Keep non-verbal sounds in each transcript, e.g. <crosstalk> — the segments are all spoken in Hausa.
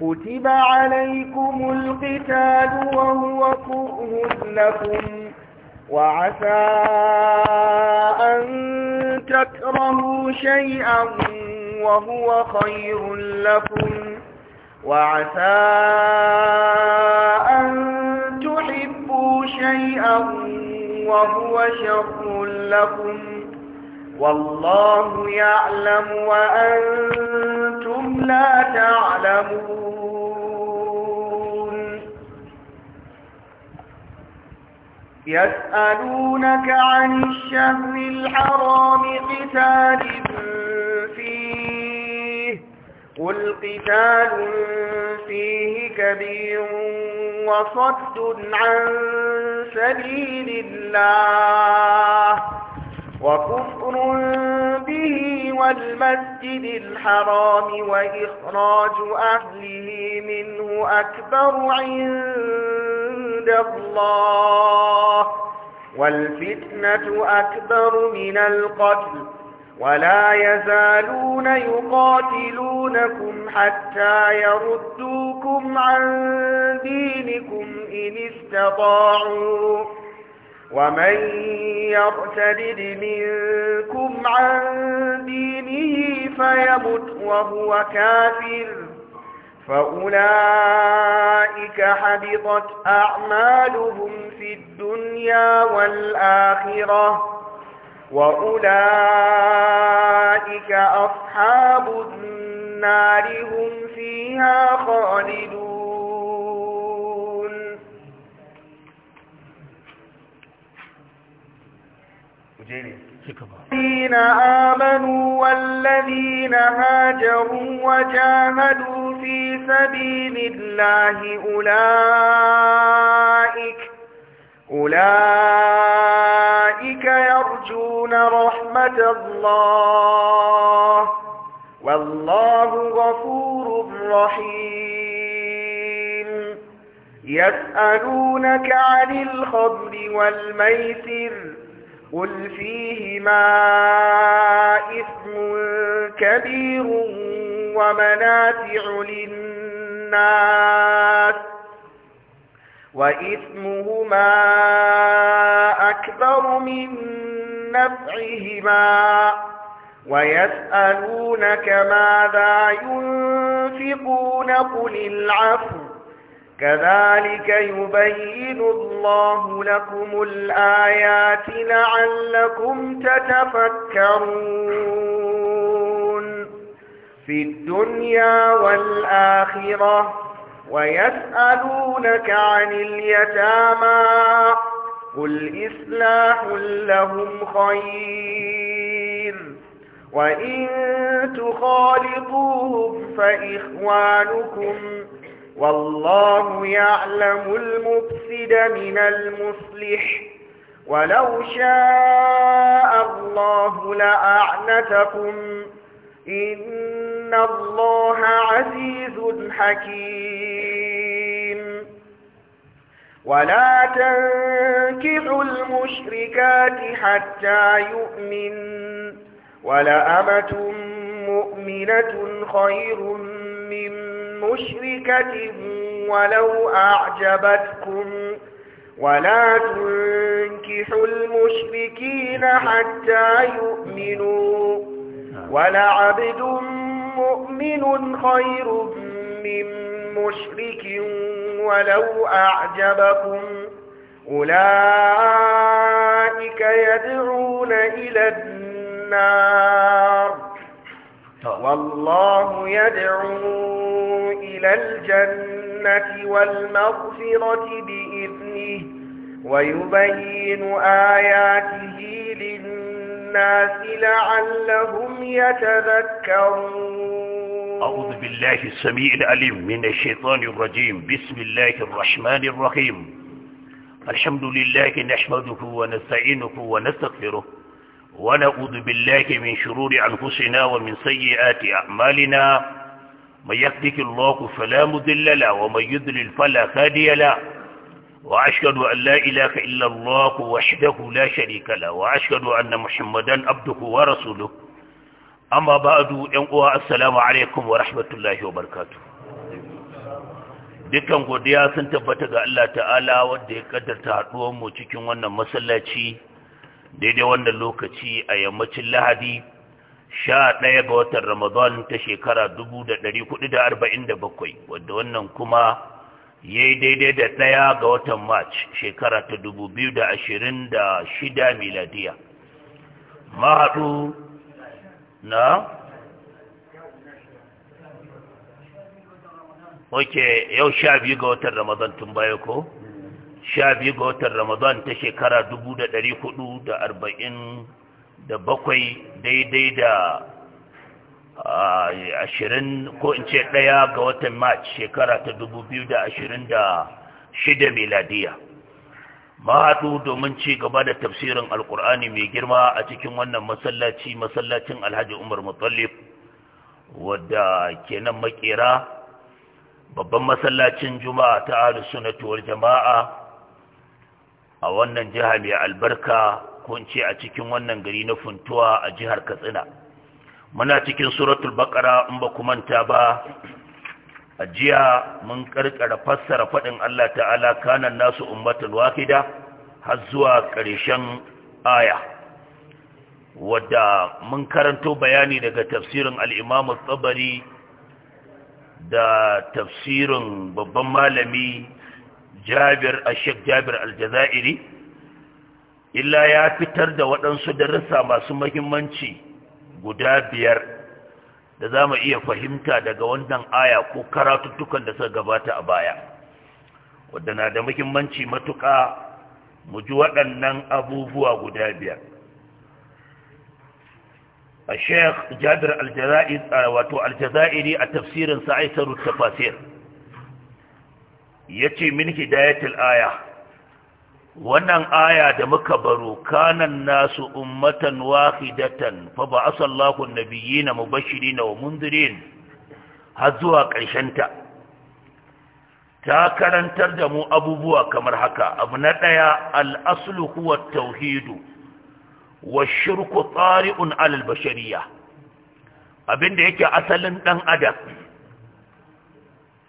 كتب عليكم القتال وهو كره لكم وعسى أن تكرهوا شيئا وهو خير لكم وعسى أن تحبوا شيئا وهو شر لكم والله يعلم وأنتم لا تعلمون يسألونك عن الشهر الحرام قتال فيه قل قتال فيه كبير وصد عن سبيل الله وكفر به والمسجد الحرام وإخراج أهله منه أكبر عند الله والفتنة أكبر من القتل ولا يزالون يقاتلونكم حتى يردوكم عن دينكم إن استطاعوا ومن يرتد منكم عن دينه فيمت وهو كافر فأولئك حبطت أعمالهم في الدنيا والآخرة وأولئك أصحاب النار هم فيها خالدون الذين آمنوا والذين هاجروا وجاهدوا في سبيل الله أولئك أولئك يرجون رحمة الله والله غفور رحيم يسألونك عن الخمر والميسر قل فيهما إثم كبير ومنافع للناس وإثمهما أكبر من نفعهما ويسألونك ماذا ينفقون قل العفو كذلك يبين الله لكم الآيات لعلكم تتفكرون في الدنيا والآخرة ويسألونك عن اليتامى قل إصلاح لهم خير وإن تخالطوهم فإخوانكم والله يعلم المفسد من المصلح ولو شاء الله لأعنتكم إن الله عزيز حكيم ولا تنكحوا المشركات حتى يؤمن ولأمة مؤمنة خير من مشركة ولو أعجبتكم ولا تنكحوا المشركين حتى يؤمنوا نعم. ولعبد مؤمن خير من مشرك ولو أعجبكم أولئك يدعون إلى النار والله يدعو إلى الجنة والمغفرة بإذنه ويبين آياته للناس الناس لعلهم يتذكرون أعوذ بالله السميع العليم من الشيطان الرجيم بسم الله الرحمن الرحيم الحمد لله نحمده ونستعينه ونستغفره ونعوذ بالله من شرور أنفسنا ومن سيئات أعمالنا من يهده الله فلا مضل له ومن يضلل فلا هادي له وأشهد أن لا إله إلا الله وحده لا شريك له وأشهد أن محمدا عبده ورسوله أما بعد ينقوى السلام عليكم ورحمة الله وبركاته dukkan godiya sun tabbata ga Allah ta'ala wanda ya kaddarta haduwar mu cikin wannan masallaci daidai wannan lokaci a yammacin Lahadi sha ɗaya ga watan Ramadan ta shekara 1447 wanda wannan kuma ya yi daidai da ɗaya ga watan march shekara ta dubu biyu da da shida miladiya mahaɗu na oke yau sha biyu ga watan ramadan tun baya ko sha biyu ga watan ramadan ta shekara dubu da hudu da arba'in da bakwai daidai da ashirin ko in ce ɗaya ga watan march shekara ta dubu biyu da ashirin da shida meladiya mahaɗu domin ci gaba da tafsirin alkur'ani mai girma a cikin wannan masallaci masallacin alhaji umar mutallif wadda kenan maƙera, babban masallacin juma'a ta ahlu sunatuwar jama'a a wannan jiha mai albarka ko in ce a cikin wannan gari na funtuwa a jihar katsina muna cikin suratul baƙara, in ba ku manta ba a jiya mun karkara fassara faɗin Allah ta'ala kanan nasu ummatul wahida har zuwa ƙarshen aya wadda mun karanto bayani daga tafsirin al-Imam tsabari da tafsirin babban malami Jabir Ashek Jabir Aljazairi illa ya fitar da waɗansu darussa masu muhimmanci guda biyar da za mu iya fahimta daga wannan aya ko karatuttukan da suka gabata a baya wadda na da muhimmanci matuƙa mu ji waɗannan abubuwa guda biyar a sheikh jadar aljazairi a tafsirin sa'aitar tafasir ya ce min hidayatul aya wannan aya da muka baro kanan nasu ummatan wahidatan fa ba'atha Allahu an-nabiyyina mubashirin wa mundirin har zuwa ƙarshen ta ta karantar da mu abubuwa kamar haka abu na daya al-aslu huwa at-tauhid wa shirku tari'un 'ala al-bashariyya abinda yake asalin dan adam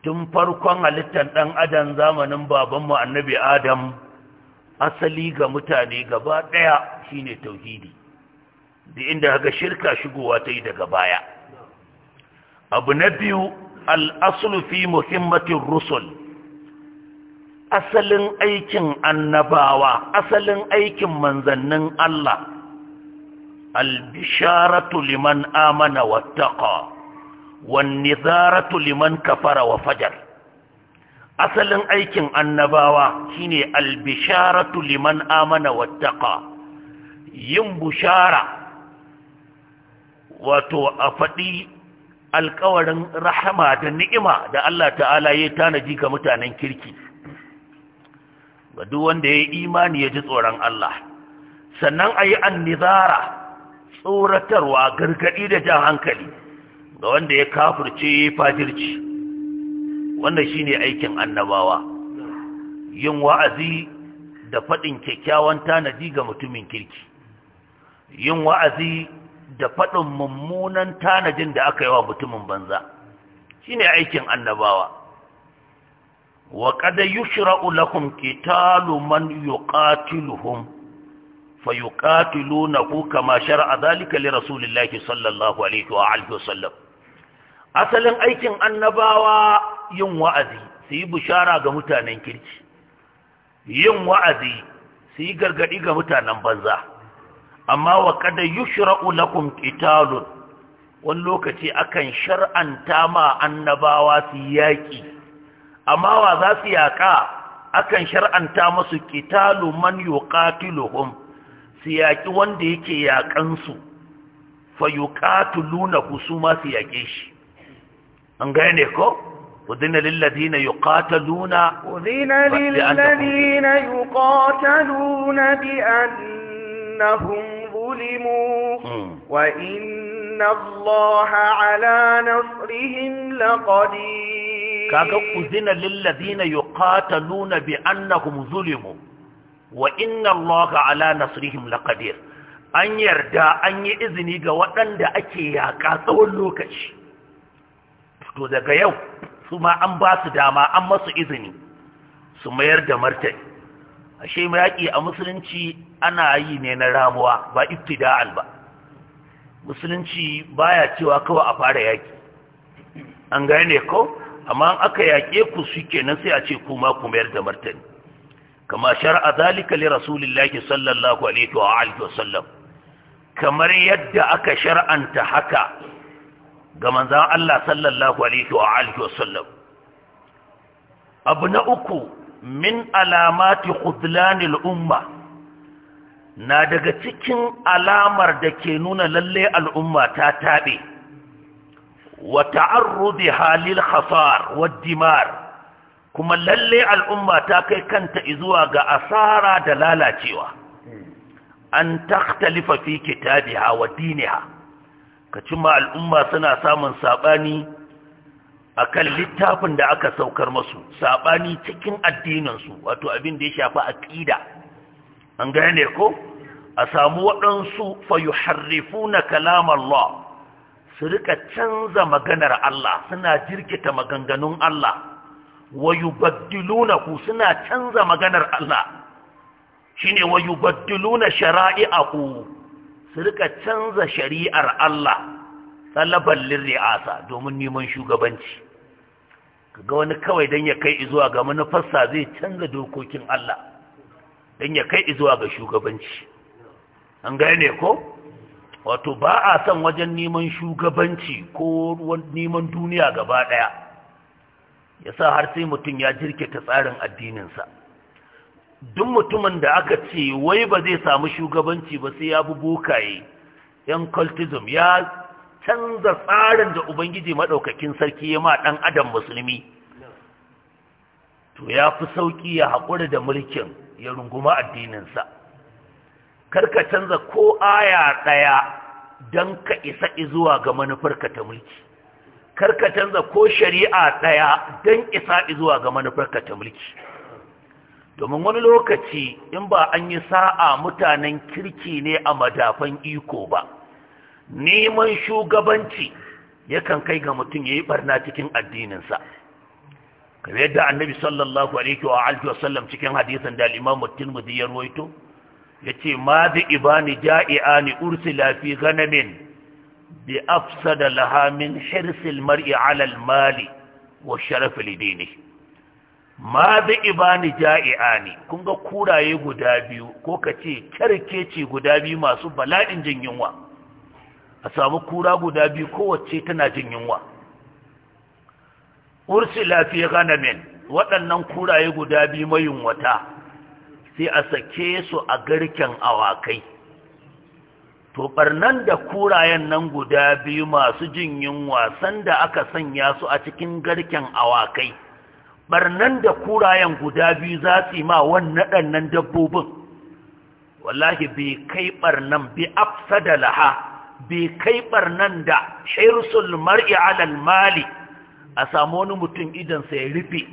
tun farkon halittar dan adam zamanin babanmu annabi adam asali ga mutane gaba ɗaya shine tauhidi da inda haka shirka shigowa ta yi daga baya abu na biyu al'asulu fi muhimmatin rusul asalin aikin annabawa asalin aikin manzannin Allah albisharatu liman amana wattaqa wanne nizaratu liman kafara wa fajar asalin aikin annabawa shine albisharatu liman amana wattaqa yin bushara wato a faɗi alkawarin rahama da ni'ima da Allah ta'ala ya tanaji ga mutanen kirki ga duk wanda ya imani ya ji tsoron Allah sannan a yi annizara tsoratarwa gargaɗi da jan hankali ga wanda ya kafirce ya fajirci wannan shine aikin annabawa yin wa'azi da faɗin kyakkyawan tanadi ga mutumin kirki yin wa'azi da faɗin mummunan tanadin da aka yi wa mutumin banza shine aikin annabawa wa qad yushra'u lakum qitalu man yuqatiluhum fayuqatilunahu kama shar'a dhalika li rasulillahi sallallahu alaihi wa alihi asalin aikin annabawa yin wa'azi su yi bishara ga mutanen kirki yin wa'azi su yi gargaɗi ga mutanen banza amma wa kada na lakum wani lokaci akan shar'anta ma annabawa su yaƙi amma wa za su yaƙa akan shar'anta masu qitalu man yuqatiluhum su yaƙi wanda yake yaƙansu fa na kusuma su yaƙe shi an gane ko أذن للذين يقاتلون أذن للذين يقاتلون بأنهم ظلموا وإن الله على نصرهم لقدير أذن للذين يقاتلون بأنهم ظلموا وإن الله على نصرهم لقدير أن يردى أن yi izini ga waɗanda يا yaƙa لوكش تقول to daga su ma an ba su dama an masu izini su mayar da martani ashe yaƙi a musulunci ana yi ne na ramuwa ba ibtida'al ba musulunci baya cewa kawai a fara yaƙi an gane ko amma aka yaƙe ku nan sai a ce kuma ku mayar da martani kama shar'a zalika li rasulillahi sallallahu alaihi wa alihi wa sallam kamar yadda aka shar'anta haka ga manzan Allah sallallahu alaihi wa alihi wasallam abu na uku min alamati khudlanil umma na daga cikin alamar da ke nuna lalle al'umma ta taɓe wa ta'arrudi halil khasar wa dimar kuma lalle al'umma ta kai kanta izuwa ga asara da lalacewa an takhtalifa fi kitabiha wa diniha ka cimma al'umma suna samun saɓani a kan littafin da aka saukar masu saɓani cikin addininsu wato abin da ya shafi ƙida. an gane ko a samu waɗansu fayu harrifu na kalamar Allah su rika canza maganar Allah suna jirkita maganganun Allah wayu baddiluna ku suna canza maganar Allah shine wayu baddiluna ku? su rika canza shari'ar Allah talaban lirri'asa domin neman shugabanci ga wani kawai don ya kai izuwa ga manufarsa zai canza dokokin Allah don ya kai izuwa ga shugabanci an gane ko wato ba a son wajen neman shugabanci ko neman duniya gaba ɗaya. ya sa har sai mutum ya jirke ta tsarin addininsa duk mutumin da aka ce wai ba zai samu shugabanci ba sai ya bi bokaye yan cultism ya canza tsarin da ubangiji maɗaukakin sarki ya ma ɗan adam musulmi to ya fi sauƙi ya haƙura da mulkin ya runguma addininsa karka canza ko aya ɗaya don ka isa zuwa ga manufarka ta mulki karka canza ko shari'a ɗaya don isa zuwa ga manufarka ta mulki domin wani lokaci in ba an yi sa'a mutanen kirki ne a madafan iko ba neman shugabanci yakan kai ga mutum ya yi barna cikin addininsa kamar yadda annabi sallallahu alaihi wa alihi wasallam cikin hadisan da al-imam at ya ruwaito yace ma bi ibani ni ursi lafi ganamin bi afsada hirsil mar'i alal mali wa sharafi lidini ma da ibani ja'i'ani kun ga kuraye guda biyu ko ka ce kyarkeci guda biyu masu bala'in jin yunwa a samu kura guda biyu kowace tana jin yunwa Ursi fi ghanamin waɗannan kuraye guda biyu mayunwata sai a sake su a garken awakai to barnan da kurayen nan guda biyu masu jin yunwa sanda aka sanya su a cikin garken awakai barnan da kurayen guda biyu za su yi ma wannan dabbobin wallahi bai kai barnan bi afsada laha bai kai barnan da shirsul mar'i alal mali a samu wani mutum idansa ya rufe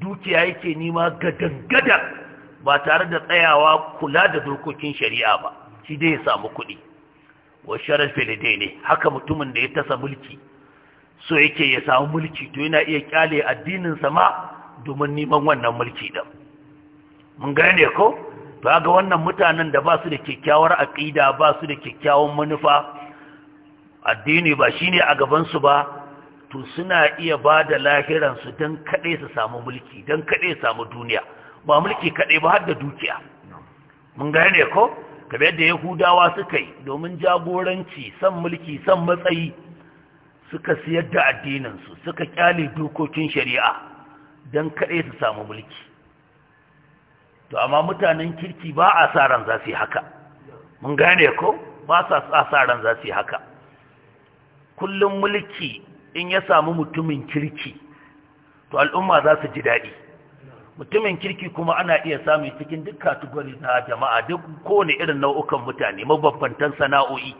dukiya yake nima ga dangada ba tare da tsayawa kula da dokokin shari'a ba shi dai ya samu kuɗi wa sharafin dai ne haka mutumin da ya tasa mulki so yake ya samu mulki to yana iya kyale addinin sama domin neman wannan mulki din mun gane ko to ga wannan mutanen da ba su da kyakkyawar aqida ba su da kyakkyawan manufa addini ba shine a gaban su ba to suna iya ba da lahiran su dan kade su samu mulki dan kade su samu duniya ba mulki kade ba har da dukiya mun gane ko kamar yadda yahudawa suka yi domin jagoranci san mulki san matsayi suka siyar da addininsu suka kyale dokokin shari'a don kaɗai su samu mulki to amma mutanen kirki ba a sa ran za su yi haka mun gane ko ba sa sa ran za su yi haka kullum mulki in ya samu mutumin kirki to al'umma za su ji daɗi mutumin kirki kuma ana iya samun cikin duk katugori na jama'a duk kowane irin nau'ukan mutane mabambantan sana'o'i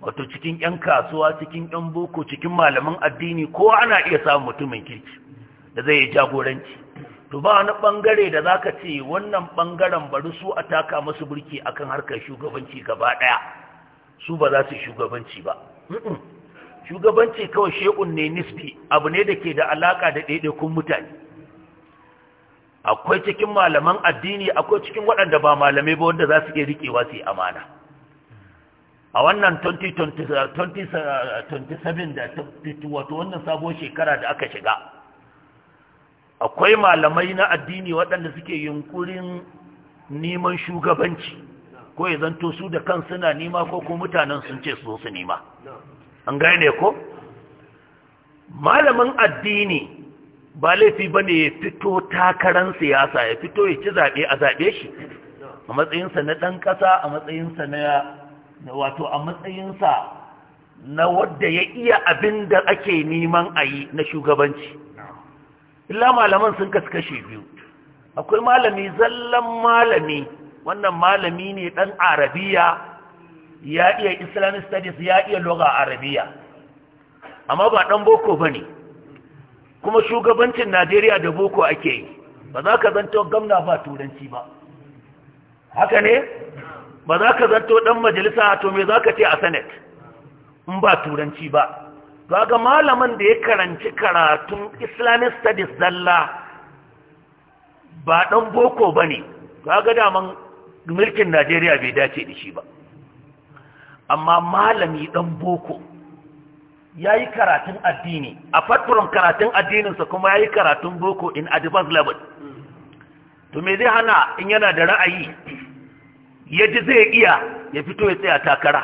wato cikin 'yan kasuwa cikin 'yan boko cikin malaman addini ko ana iya samun mutumin kirki da zai yi jagoranci to ba wani bangare da za ka ce wannan bangaren bari su a taka masu burki akan harkar shugabanci gaba ɗaya su ba za su shugabanci ba shugabanci kawai shekun ne nisbi abu ne da ke da alaka da ɗaiɗaikun mutane akwai cikin malaman addini akwai cikin waɗanda ba malamai ba wanda za su iya riƙewa su yi amana a wannan 2027 uh, uh, da wato wannan sabon shekara da aka shiga akwai malamai na addini waɗanda suke yunkurin neman shugabanci ko ya zanto su da kan suna nema ko kuma mutanen sun ce su su nema an gane ko malamin addini ba laifi ba ne ya fito takarar siyasa ya fito ya ci zaɓe a zaɓe shi a matsayinsa na ɗan ƙasa a matsayinsa na wato a matsayinsa na wadda ya iya abin da ake neman a yi na shugabanci illa malaman sun kaskashe biyu akwai malami zallan malami wannan malami ne ɗan arabiya ya iya islamic studies ya iya loga arabiya amma ba ɗan boko ba ne kuma shugabancin najeriya da boko ake yi ba za ka zanto gamna ba turanci ba haka ne ba za ka zanto ɗan majalisa to me za ka ce a senate in ba turanci ba ga malamin da ya karanci karatun islamic studies zalla ba ɗan boko ba ne ga daman mulkin najeriya bai dace da shi ba amma malami ɗan boko ya yi karatun addini a fatfuron karatun addininsa kuma ya yi karatun boko in advanced level to me zai hana in yana da ra'ayi ya ji zai iya ya fito ya tsaya takara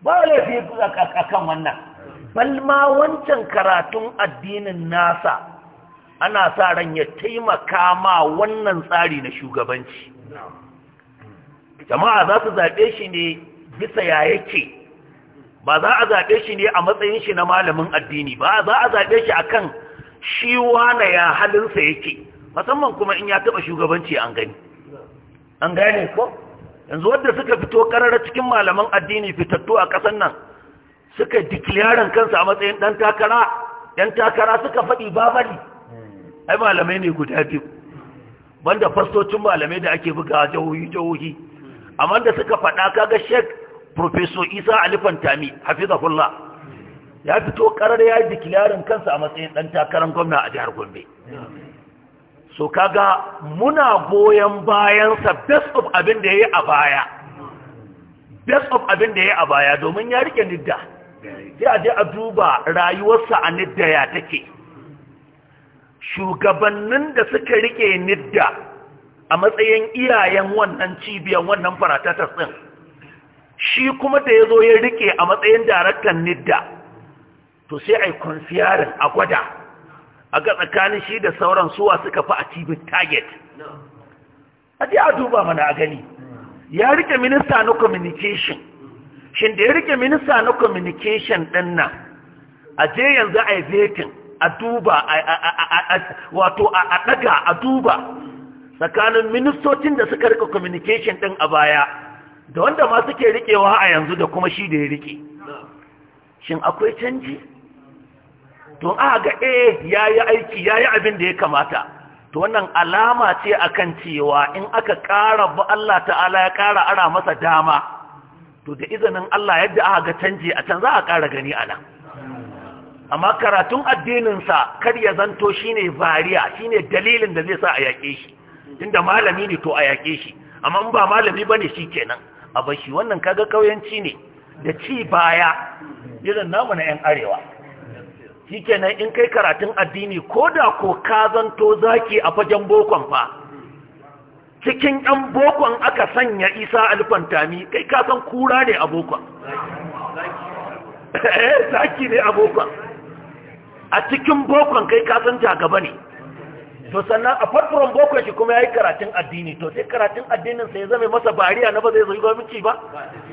ba laifi a kan wannan balma wancan karatun addinin nasa ana sa ran ya taimaka ma wannan tsari na shugabanci jama'a za su zaɓe shi ne bisa ya yake ba za a zaɓe shi ne a matsayin shi na malamin addini ba za a zaɓe shi a kan shiwa na ya halinsa yake musamman kuma in ya taɓa shugabanci an gani an gane ko yanzu wadda suka fito karara cikin malaman addini fitattu a ƙasar nan suka declaring kansu a matsayin ɗan takara ɗan takara suka faɗi babali ai malamai ne guda biyu banda fastocin malamai da ake buga jahohi jahohi amma da suka faɗa kaga sheik professor isa alifan tami hafizahullah ya fito karar ya yi declaring kansa a matsayin ɗan takarar gwamna a jihar gombe so kaga muna goyon bayansa best of abin da ya yi a baya best of abin da ya yi a baya domin ya rike nidda sai a a duba rayuwarsa a nidda ya take shugabannin da suka rike nidda a matsayin iyayen wannan cibiyar, wannan faratatas ɗin shi kuma da ya zo ya rike a matsayin daraktan nidda to sai a yi a gwada a ga tsakanin shi da sauran suwa suka fi achieving target a ji a duba mana a gani ya rike minista na communication shin da ya rike minista na communication ɗin nan a je yanzu a yi vetin a duba wato a ɗaga a duba tsakanin ministocin da suka rike communication ɗin a baya da wanda ma suke rikewa a yanzu da kuma shi da ya rike shin akwai canji to aka ga eh yayi aiki yayi abin da ya kamata to wannan alama ce a kan cewa in aka ƙara ba Allah ta'ala ya ƙara ara masa dama to da izinin Allah yadda aka ga canje a can za a ƙara gani a nan amma karatun addininsa kar ya zanto shine bariya shine dalilin da zai sa a yaƙe shi tunda malami ne to a yaƙe shi amma in ba malami bane kenan, a bashi wannan kaga kauyanci ne da ci baya irin namu na 'yan arewa shikenan in kai karatun addini ko da ko ka zanto zaki a fagen bokon fa cikin ɗan bokon aka sanya isa alfantami kai ka san kura ne a bokon <laughs> eh, zaki ne a bokon a cikin bokon kai ka san jagaba ne to sannan a farfaron bokon shi kuma ya yi karatun addini to sai karatun addinin sai zama masa bariya na ba zai zai gwamnati ba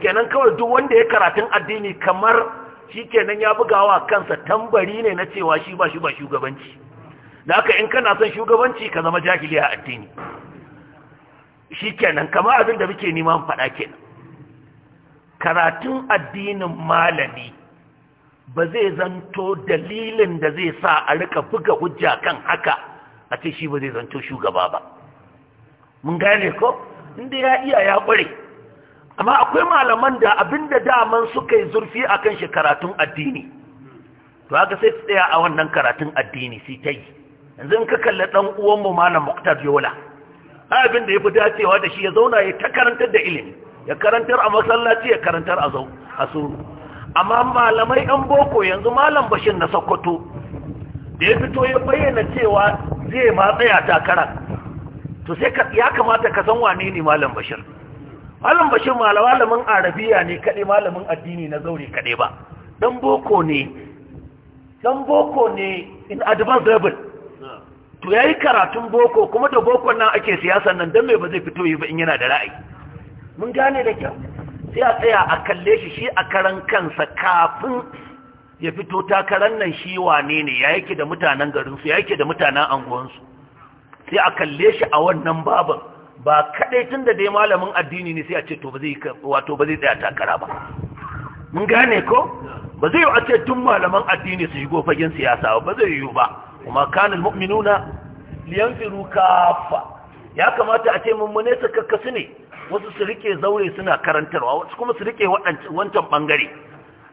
kenan kawai duk wanda ya karatun addini kamar shi kenan ya wa kansa tambari ne na cewa shi ba shi ba shugabanci da aka in kana son shugabanci ka zama jahili a addini shi kenan kama abin da muke neman faɗa kenan karatun addinin malami ba zai zanto dalilin da zai sa a rika buga hujja kan haka a ce shi ba zai zanto shugaba ba mun gane ko inda ya iya ya ƙware amma akwai malaman da abinda daman suka yi zurfi akan shi karatun addini to haka sai tsaya a wannan karatun addini sai ta yi yanzu ka kalli dan uwan mu malam Muktar Yola abin da yafi dacewa da shi ya zauna ya ta karantar da ilimi ya karantar a masallaci ya karantar a zau a amma malamai yan boko yanzu malam Bashir na Sokoto da ya fito ya bayyana cewa zai ma tsaya takara to sai ya kamata ka san wane ne malam Bashir malam bashir malamin arabiya ne kaɗai malamin addini na zaure kaɗai ba dan boko ne boko ne in advanced level to ya yi karatun boko kuma da boko nan ake siyasa nan don me ba zai fito yi ba in yana da ra'ayi mun gane da kyau sai a tsaya a kalle shi shi a karan kansa kafin ya fito takarar nan shi wane ne ya yake da mutanen garinsu ya yake da mutanen anguwansu sai a kalle shi a wannan baban ba kaɗai tun da dai malamin addini ne sai a ce to ba zai wato ba zai tsaya takara ba mun gane ko ba zai yi a ce tun malaman addini su shigo fagen siyasa ba zai yiwu ba kuma kanin mu'minuna firu kafa ya kamata a ce mummune su kakkasu ne wasu su rike zaure suna karantarwa wasu kuma su rike wancan bangare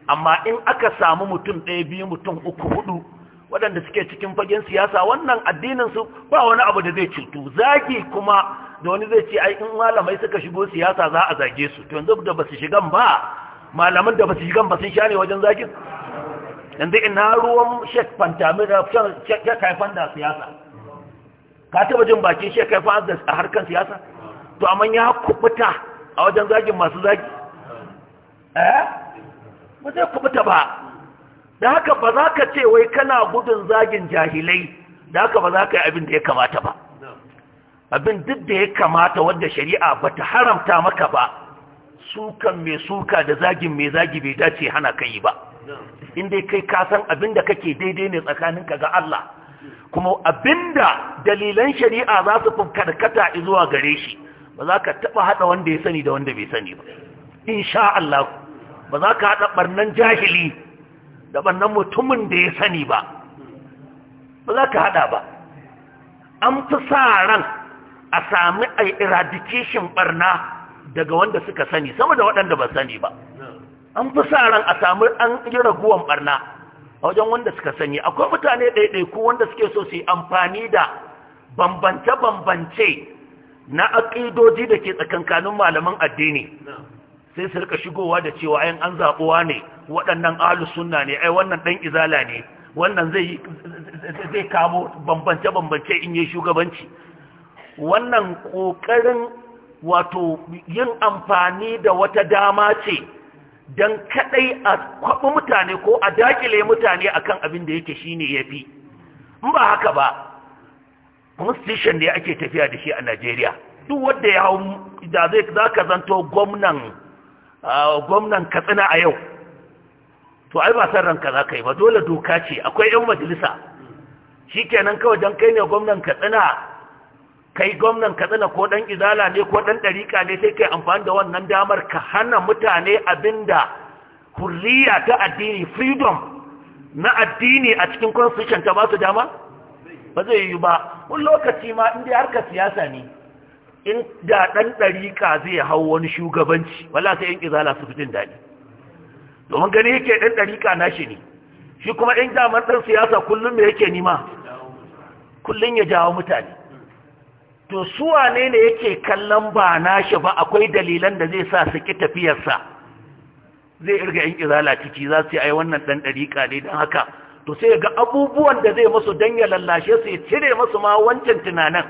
amma in aka samu mutum ɗaya biyu mutum uku hudu waɗanda suke cikin fagen siyasa wannan addinin su ba wani abu da zai cutu zagi kuma da wani zai ce ai in malamai suka shigo siyasa za a zage su to yanzu da basu shigan ba malaman da basu shigan ba sun sha ne wajen zagin yanzu ina ruwan shek fantami da eh, shek haifan da siyasa ka taba jin bakin shek haifan da a harkar siyasa to amma ya kubuta a wajen zagin masu zagi eh ba zai kubuta ba da haka ba za ka ce wai kana gudun zagin jahilai da haka ba za ka yi abin da ya kamata ba abin duk da ya kamata wanda shari'a ba ta haramta maka ba sukan mai suka da zagin mai zagi bai dace hana kai yi ba inda kai ka san abin da kake daidai ne tsakaninka ga Allah kuma abinda dalilan shari'a za su karkata zuwa gare shi ba za ka taɓa haɗa wanda ya sani da wanda bai sani ba insha Allah ba za ka haɗa ɓarnan jahili da ɓarnan mutumin da ya sani ba ba za ka haɗa ba an fi sa ran a sami a eradication barna daga wanda suka sani sama da waɗanda ba sani ba an fi sa ran a sami an yi raguwan barna a wajen wanda suka sani akwai mutane ko wanda suke so su yi amfani da bambance-bambance na aƙidoji da ke tsakankanin malaman addini sai su rika shigowa da cewa ayan an zaɓuwa ne waɗannan alu sunna ne ai wannan ɗan izala ne wannan zai zai kamo bambance-bambance in yi shugabanci wannan ƙoƙarin wato yin amfani da wata dama ce don kaɗai a kwaɓi mutane ko a dakile mutane akan abin da yake shine ya fi in ba haka ba constitution ne ake tafiya da shi a najeriya duk wadda ya hau da zai za ka zanto gwamnan katsina a yau to ai ba san ranka za ka yi ba dole doka ce akwai 'yan majalisa shi kenan kawai don kai ne gwamnan katsina kai gwamnan katsina ko dan izala ne ko dan ɗarika ne sai kai amfani da wannan damar ka hana mutane abinda hurriya ta addini freedom na addini a cikin constitution ta ba su dama ba zai yi ba wani lokaci ma inda harka siyasa ne in da ɗan ɗarika zai hau wani shugabanci wala sai yan izala su fi jin daɗi domin gani yake ɗan ɗarika nashi ne shi kuma in damar ɗan siyasa kullum me yake nima kullum ya jawo mutane to su wane ne yake kallon ba nashi ba akwai dalilan da zai sa su ki tafiyarsa zai irga yan izala ciki za su yi ai wannan dan dariƙa ne don haka to sai ga abubuwan da zai musu dan ya lallashe su ya cire masu ma wancan tunanin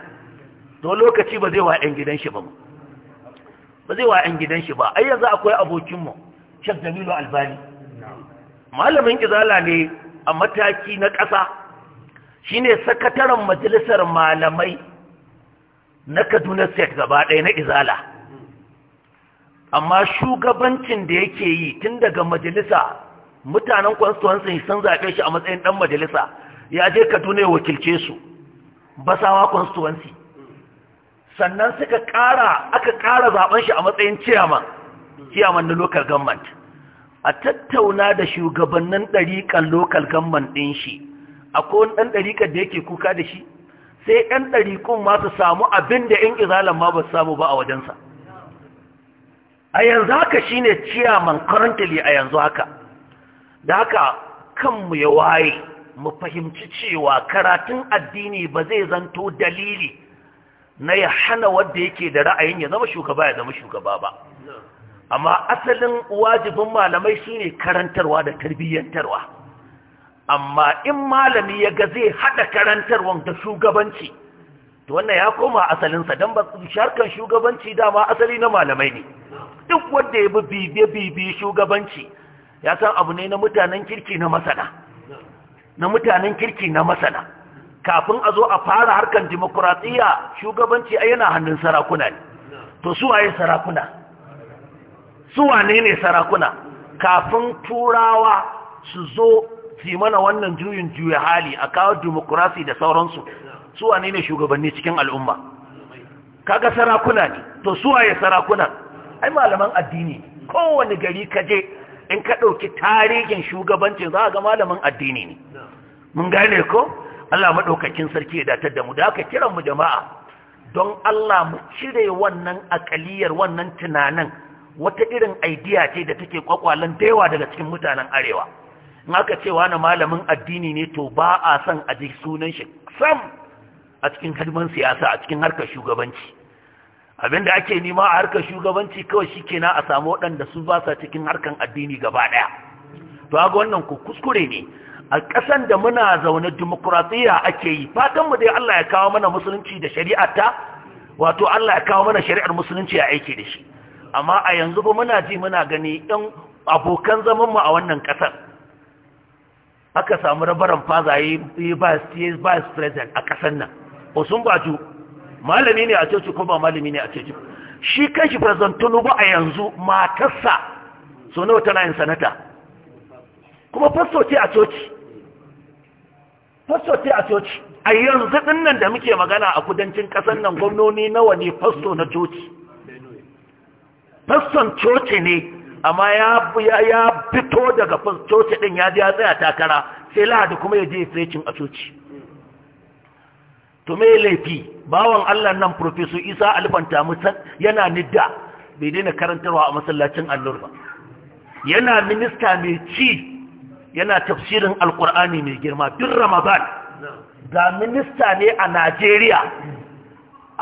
to lokaci ba zai wa yan gidan shi ba ba zai wa yan gidan shi ba ai yanzu akwai abokin mu Sheikh Jamilu Albani malamin izala ne a mataki na ƙasa shine sakataren majalisar malamai na kaduna state gaba ɗaya na izala amma shugabancin da yake yi tun daga majalisa mutanen constituency sun zaɓe shi a matsayin ɗan majalisa ya je kaduna ya wakilce su basawa constituency sannan suka ƙara aka ƙara zaɓen shi a matsayin ciyaman ciyaman na local government a tattauna da shugabannin ɗariƙan local government ɗin shi akwai wani ɗan ɗariƙar da yake kuka da shi sai ‘yan ɗariƙun ma su samu abin da ‘yan izalan ma ba su samu ba a wajensa a yanzu haka shi ne ciyaman karantali a yanzu haka da haka kanmu ya waye mu fahimci cewa karatun addini ba zai zanto dalili na ya hana wadda yake da ra'ayin ya zama shugaba ya zama shugaba ba amma asalin wajibin malamai ne karantarwa da tarbiyyantarwa amma in malami ya ga zai haɗa karantarwar da shugabanci to wannan ya koma asalinsa don ba sharkan shugabanci dama asali na malamai ne duk wanda ya bi bibiye-bibiye shugabanci ya san abu ne na mutanen kirki na masana na mutanen kirki na masana kafin a zo a fara harkan dimokuraɗiyya shugabanci a yana hannun sarakuna ne to su waye sarakuna su wane ne sarakuna kafin turawa su zo su mana wannan juyin juya hali a kawo demokrasi da sauransu su wane ne shugabanni cikin al'umma kaga sarakuna ne to su waye sarakuna ai malaman addini kowane gari ka je in ka ɗauki tarihin shugabancin za a ga malaman addini ne mun gane ko Allah maɗaukakin sarki ya datar da mu da aka kiran mu jama'a don Allah mu cire wannan akaliyar wannan tunanin wata irin aidiya ce da take kwakwalan da daga cikin mutanen arewa in aka ce wani malamin addini ne to ba a son a ji sunan shi sam a cikin kalman siyasa a cikin harkar shugabanci abinda ake nema a harkar shugabanci kawai shi kenan a samu waɗanda su ba sa cikin harkar addini gaba ɗaya to ga wannan ku kuskure ne a ƙasan da muna zaune dimokuraɗiyya ake yi fatanmu dai Allah ya kawo mana musulunci da shari'ata. ta wato Allah ya kawo mana shari'ar musulunci a aiki da shi amma a yanzu ba muna ji muna gani ɗan abokan zaman mu a wannan ƙasar aka samu rabaran faza yi bas present a kasan nan osun baju malami ne a coci ko ba malami ne a coci shi kanshi president ba a yanzu matarsa so nawa tana yin sanata kuma fasto ce a coci fasto ce a coci a yanzu din nan da muke magana a kudancin kasan nan gwamnoni nawa ne fasto na coci faston coci ne amma ya fito daga fin coci din ya je ya tsaya takara sai lahadi kuma ya je frecin a coci to mai laifi bawan Allah nan profesor Isa alifanta musan yana nidda bai daina karantarwa a masallacin Allur ba yana minista mai ci yana tafsirin alkur'ani mai girma duk ramadan ga minista ne a najeriya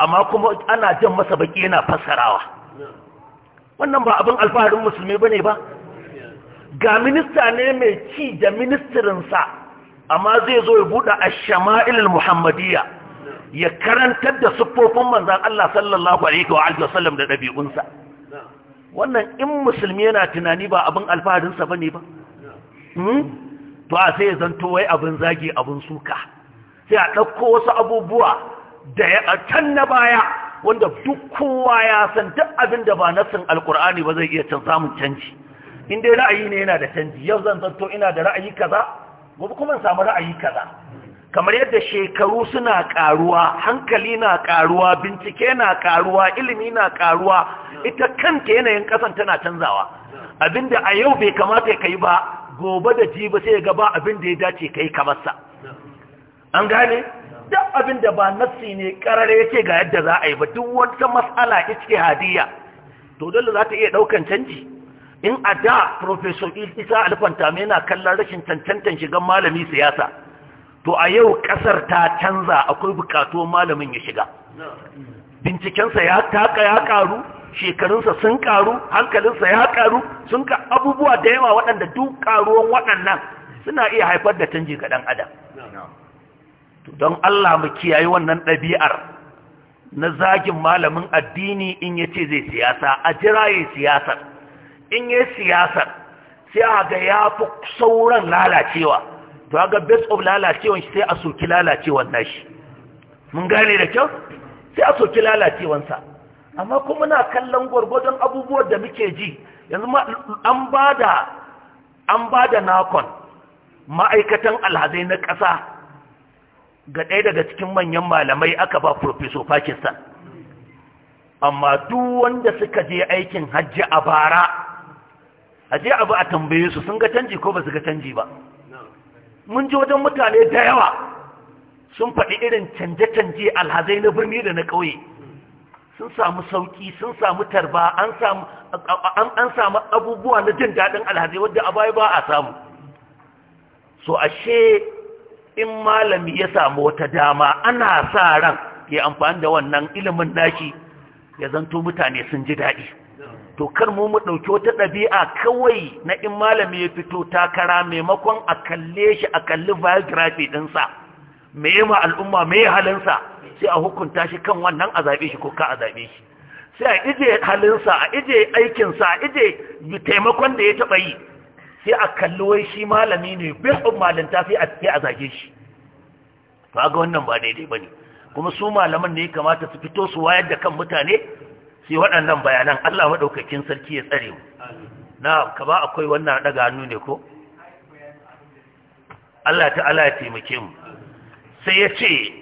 amma kuma ana jan masa baki yana fassarawa wannan ba abin alfaharin musulmi ba ne ba ga minista ne mai ci da ministirinsa amma zai zo ya buɗe a shama'ilil muhammadiyya ya karantar da siffofin manzan Allah sallallahu alaihi wa sallam da ɗabi'unsa wannan in musulmi yana tunani ba abin alfahadinsa ba ne hmm? ba to a sai ya zanto wai abin zagi abin suka sai a ɗauko wasu abubuwa da ya can na baya wanda duk kowa ya san duk abin da ba nassin alkur'ani ba zai iya can samun canji in dai ra'ayi ne yana da canji yau zan zanto ina da ra'ayi kaza gobe kuma samu ra'ayi kaza kamar yadda shekaru suna karuwa hankali na karuwa bincike na karuwa ilimi na karuwa ita kanta yanayin kasan tana canzawa abinda a yau bai kamata kai ba gobe da jiba sai ga ba abin da ya dace kai kamar sa an gane duk abin da ba nassi ne karare yake ga yadda za a yi ba duk wata mas'ala ita hadiya to dole za ta iya daukan canji in a da Profesor isa mai na kallon rashin cancantan shigan malami siyasa to a yau ƙasar ta canza akwai bukatu malamin ya shiga bincikensa ya taka ya ƙaru. shekarunsa sun ƙaru. hankalinsa ya ƙaru. sun ka abubuwa da yawa waɗanda duk ƙaruwan waɗannan suna iya haifar da canji ga ɗan adam don Allah mu kiyaye wannan ɗabi'ar na zagin malamin addini in ya ce zai siyasa a jira ya siyasar in yi siyasar sai a ga ya fi sauran lalacewa to a ga best of lalacewa shi sai a soki lalacewan nashi mun gane da kyau sai a soki lalacewansa amma kuma na kallon gwargwadon abubuwan da muke ji yanzu an ba da an ba da nakon ma'aikatan alhazai na ƙasa ga ɗaya daga cikin manyan malamai aka ba profeso pakistan amma duk wanda suka je aikin hajji a bara a je abu a tambaye su sun ga canji ko ba su ga canji ba mun ji wajen mutane da yawa sun faɗi irin canje-canje alhazai na birni da na ƙauye sun samu sauƙi sun samu tarba an samu abubuwa na jin daɗin alhazai wadda a baya ba a samu so ashe in malami ya samu wata dama ana sa ran ya amfani da wannan ilimin nashi ya zanto mutane sun ji daɗi to kar mu mu ɗauki wata ɗabi'a kawai na in malami ya fito takara maimakon a kalle shi a kalli biography ɗinsa me yi ma al'umma me yi halinsa sai a hukunta shi kan wannan a zaɓe shi ko ka a zaɓe shi sai a ije halinsa a ije aikinsa a ije taimakon da ya taɓa yi sai a kalli wai shi malami ne bin malinta sai a zage shi ba ga wannan ba daidai bane kuma su malaman ne ya kamata su fito su wayar da kan mutane E waɗannan bayanan Allah maɗaukakin sarki ya tsare mu na ba akwai wannan daga hannu ne ko Allah ta'ala ya taimake mu sai ya ce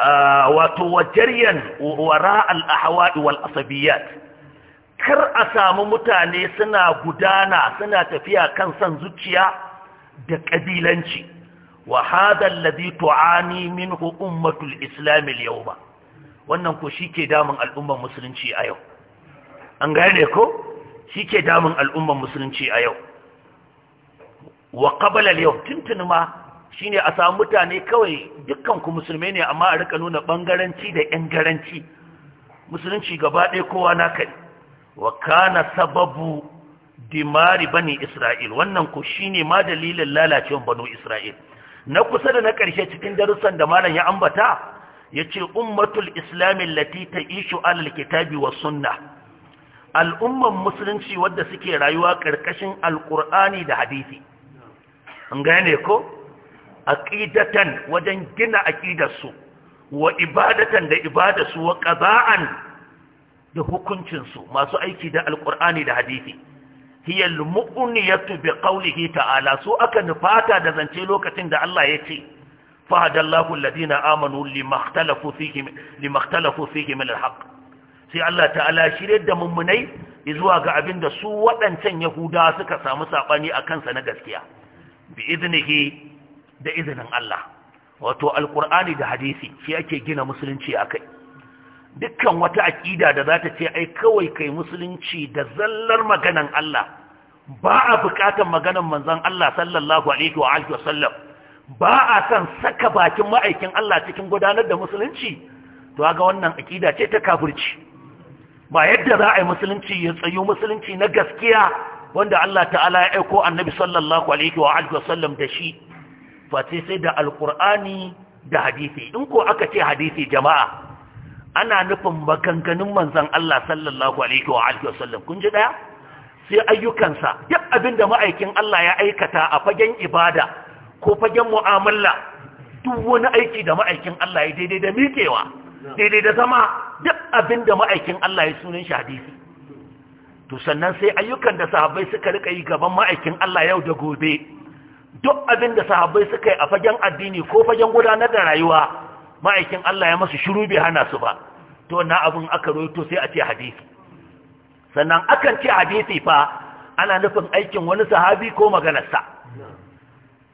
ah, wato wajaryan wara al-ahwa'i kar a samu mutane suna gudana suna tafiya kan san zuciya da kabilanci wa hadha alladhi tu'ani min ummatul islam al wannan ko shi ke damun al'umman musulunci a yau an gane ko shi ke damun al'umman musulunci a yau wa ƙabalar yau tuntun ma shi ne a samu mutane kawai dukkan ku musulmai ne amma a rika nuna ɓangaranci da ‘yan garanci musulunci gaba ɗaya kowa na kai wa kana sababu dimari bani isra'il wannan ku shi ne ma dalilin lalacewan bano isra'il na kusa da na ƙarshe cikin darussan da malam ya ambata yace ummatul islamin lati ta'ishu alal kitabi wa sunna. al'umman musulunci wadda suke rayuwa ƙarƙashin Alƙur'ani da hadisi an gane ko aqidatan wajen gina aqidarsu wa ibadatan da ibadarsu wa qada'an da hukuncinsu masu aiki da Alƙur'ani da hadisi hiya al-mu'niyatu bi qawlihi ta'ala su aka nufata da zance lokacin da Allah ya ce فهدى Ladina الذين آمنوا لما اختلفوا فيه sai Allah ta'ala shirye da mummunai zuwa ga abin da su waɗancan Yahuda suka samu saɓani a kansa na gaskiya bi iznihi da izinin Allah wato alkur'ani da hadisi shi ake gina musulunci a kai dukkan wata aƙida da za ta ce ai kawai kai musulunci da zallar maganan Allah ba a buƙatar maganar manzon Allah sallallahu alaihi wa sallam ba a san saka bakin ma'aikin Allah cikin gudanar da musulunci to ga wannan akida ce ta kafirci ba yadda za a yi musulunci ya tsayo musulunci na gaskiya wanda Allah ta'ala ya aiko annabi sallallahu alaihi wa alihi wasallam da shi face sai da alqur'ani da hadisi in ko aka ce hadisi jama'a ana nufin maganganun manzon Allah sallallahu alaihi wa alihi wasallam kun ji daya sai ayyukansa duk abinda ma'aikin Allah ya aikata a fagen ibada ko fagen mu'amala duk wani aiki da ma'aikin Allah ya daidai da mikewa daidai da zama duk abin da ma'aikin Allah ya sunan shi hadisi to sannan sai ayyukan da sahabbai suka rika yi gaban ma'aikin Allah yau da gobe duk abin da sahabbai suka yi a fagen addini ko fagen gudanar da rayuwa ma'aikin Allah ya masu shiru bai hana su ba to wannan abin aka roto sai a ce hadisi sannan akan ce hadisi fa ana nufin aikin wani sahabi ko maganarsa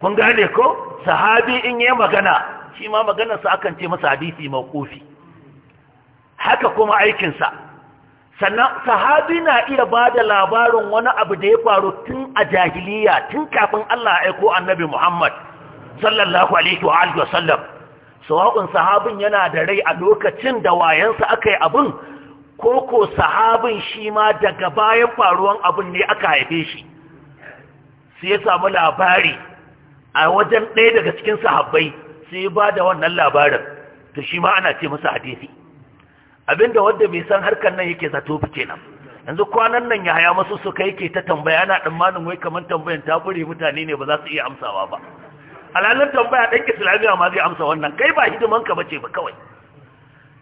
kun gane ko sahabi in yi magana shi ma maganarsa akan ce masa hadisi makofi haka kuma aikinsa sannan sahabi na iya ba da labarin wani abu da ya faru tun a jahiliya tun kafin Allah aiko annabi Muhammad sallallahu alaihi wa alihi sallam. sawa'un sahabin yana da rai a lokacin da wayansa aka yi abin ko ko sahabin shi ma daga bayan faruwan abin ne aka haife shi sai ya samu labari a wajen ɗaya daga cikin sahabbai sai ba da wannan labarin to shi ma ana ce masa hadisi abinda wanda bai san harkar nan yake zato fice kenan yanzu kwanan nan ya haya masu suka yake ta tambaya ana tsammanin wai kamar tambayan ta bure mutane ne ba za su iya amsawa ba alhalin tambaya ɗan islamiyya ma zai amsa wannan kai ba hidiman ka bace ba kawai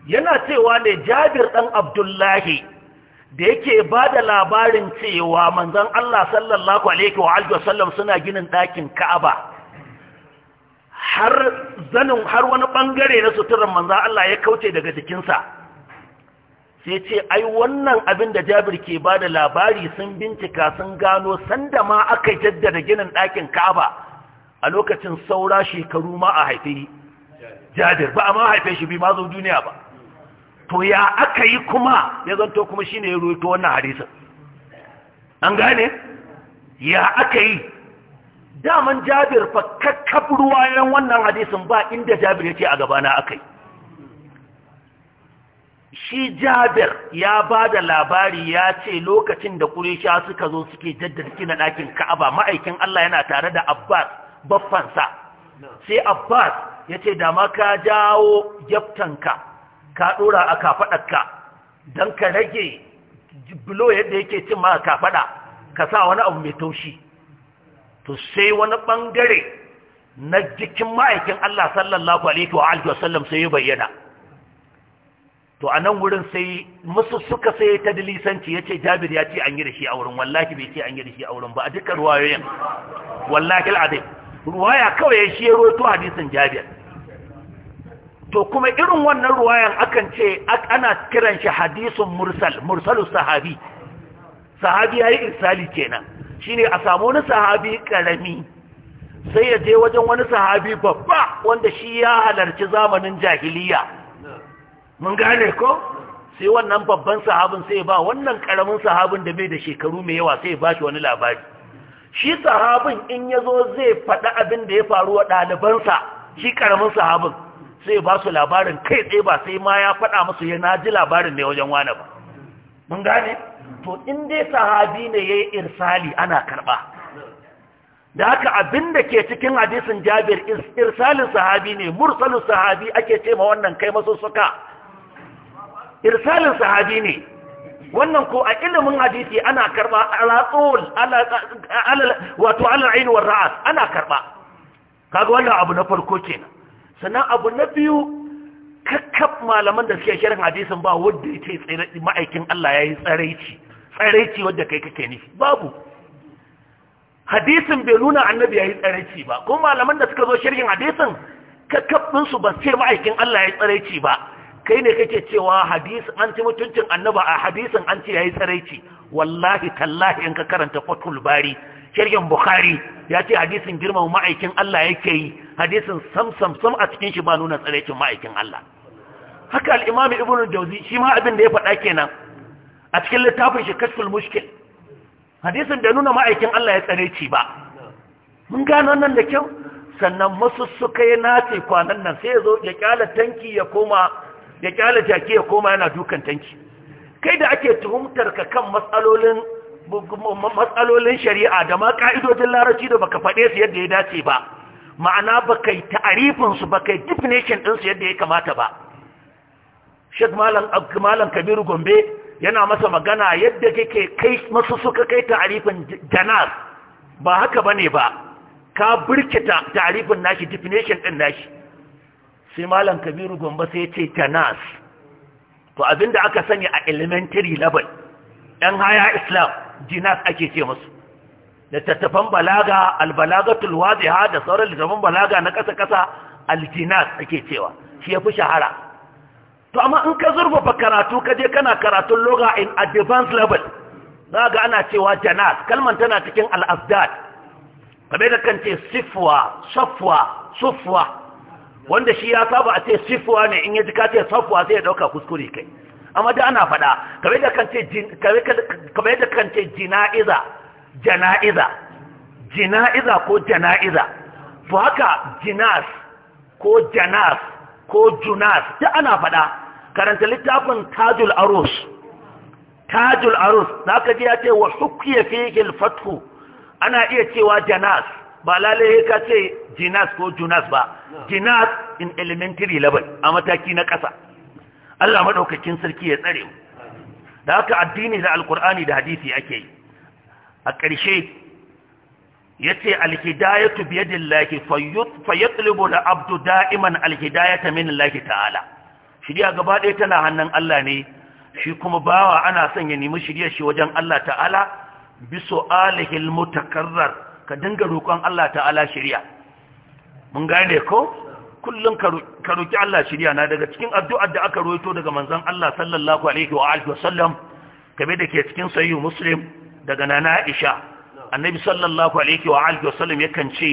yana cewa ne jabir ɗan abdullahi da yake ba da labarin cewa manzon allah sallallahu alaihi wa alihi sallam suna ginin ɗakin ka'aba har zanin har wani bangare na suturar manza Allah ya kauce daga jikinsa sai ce ai wannan abin da jabir ke ba da labari sun bincika sun gano sanda ma aka jaddada ginin ɗakin kaba a lokacin saura shekaru ma a haife jabir ba a ma haife shi bi ma zo duniya ba to ya aka yi kuma ya zanto kuma shine ya roto wannan hadisin an gane ya aka yi daman jabir fa kakkab ruwayen wannan hadisin ba inda jabir yake a gabana akai shi jabir ya ba da labari ya ce lokacin da ƙurisha suka zo suke jaddada kina ɗakin ka'aba ma'aikin Allah yana tare da abbas baffansa sai abbas ya ce da ma ka jawo gyaftanka ka ɗora a kafaɗarka don ka rage bulo yadda yake cin ma kafaɗa ka sa wani abu mai taushi to sai wani bangare na jikin ma'aikin Allah sallallahu alaihi wa alihi wasallam sai yi bayyana to a nan wurin sai musu suka sai ta dilisanci ya ce jabir ya ce an yi da shi a wurin wallahi bai ce an yi da shi a wurin ba a dukkan ruwayoyin wallahi al'adai ruwaya kawai ya shi ya roto hadisin jabir to kuma irin wannan ruwayan akan ce ana kiran shi hadisun mursal mursalu sahabi sahabi ya yi irsali kenan shine a samu wani sahabi karami sai ya je wajen wani sahabi babba wanda shi ya halarci zamanin jahiliya mun gane ko sai wannan babban sahabin sai ba wannan karamin sahabin da bai da shekaru mai yawa sai ba shi wani labari shi sahabin in ya zo zai faɗi abin da ya faru wa ɗalibansa shi karamin sahabin sai ba su labarin kai tsaye ba sai ma ya faɗa musu ya na ji labarin ne wajen wane ba mun gane to in dai sahabi ne yayi irsali ana karba da haka abin da ke cikin hadisin Jabir irsalin sahabi ne mursalin sahabi ake ce ma wannan kai masu suka irsalin sahabi ne wannan ko a ilimin hadisi ana karba alatsul wato al'ain ra'as ana karba kaga wannan abu na farko kenan sannan abu na biyu kakkab malaman da suke shirin hadisin ba wanda yace tsare ma'aikin Allah yayi tsareci tsareci wanda kai kake nufi babu hadisin bai nuna annabi yayi tsareci ba kuma malaman da suka zo shirin hadisin kakkab din su ba sai ma'aikin Allah yayi tsareci ba kai ne kake cewa hadis an ci mutuncin annabi a hadisin an ce yayi tsareci wallahi tallahi in ka karanta fatul bari shirgin bukhari ya ce hadisin girman ma'aikin Allah yake yi hadisin sam sam sam a cikin shi ba nuna tsaraicin ma'aikin Allah haka al'imami imam ibnu jawzi shi ma abin da ya faɗa kenan a cikin littafin shi kashful mushkil hadisin da nuna ma'aikin Allah ya tsaraici ba mun gano nan da kyau sannan suka yi nace kwanan nan sai ya zo ya kyala tanki ya koma ya kyala jaki ya koma yana dukan tanki kai da ake tuhumtar ka kan matsalolin matsalolin shari'a da ma ka'idodin larabci da baka faɗe su yadda ya dace ba ma'ana baka yi ta'arifinsu su baka yi definition ɗinsu yadda ya kamata ba shek Malam Kabiru Gombe yana masa magana yadda kake kai masu suka kai ta'arifin janar ba haka ba ne ba ka birkita ta'arifin nashi definition ɗin nashi sai Malam Kabiru Gombe sai ce janar to abinda aka sani a elementary level 'yan haya islam jinas ake ce masu littattafan balaga albalagatul waziha da sauran littattafan balaga na kasa-kasa aljinas ake cewa shi ya fi shahara to amma in ka zurfafa karatu ka je kana karatun loga in advanced level za ga ana cewa janas kalman tana cikin alazdad kamar da kan ce sifwa wanda shi ya saba a ce sifwa ne in ya ji ka ce safwa sai ya dauka kuskure kai amma da ana faɗa kamar yadda kan ce jina'iza jana'iza jina'iza ko jana'iza to haka jinas ko janas ko junas da ana faɗa karanta littafin tajul arus tajul arus ka ji ya ce wa sukiya fi al ana iya cewa janas ba lalai ka ce jinas ko junas ba jinas in elementary level a mataki na ƙasa Allah madaukakin sarki ya tsare mu da haka addini da alkur'ani da hadisi ake yi a ƙarshe yace alhidayatu bi yadillahi fayatlubu da abdu da'iman alhidayata min laki ta'ala Shirya gaba ɗaya tana hannun Allah ne shi kuma bawa ana son ya nemi shirya shi wajen Allah ta'ala Biso su'alihi al-mutakarrar ka dinga roƙon Allah ta'ala shirya. mun gane ko kullum ka roki Allah shirya na daga cikin addu'ar da aka roito daga manzon Allah sallallahu alaihi wa alihi wasallam kabe da ke cikin sahih muslim daga nana Aisha annabi sallallahu alaihi wa alihi wasallam yakan ce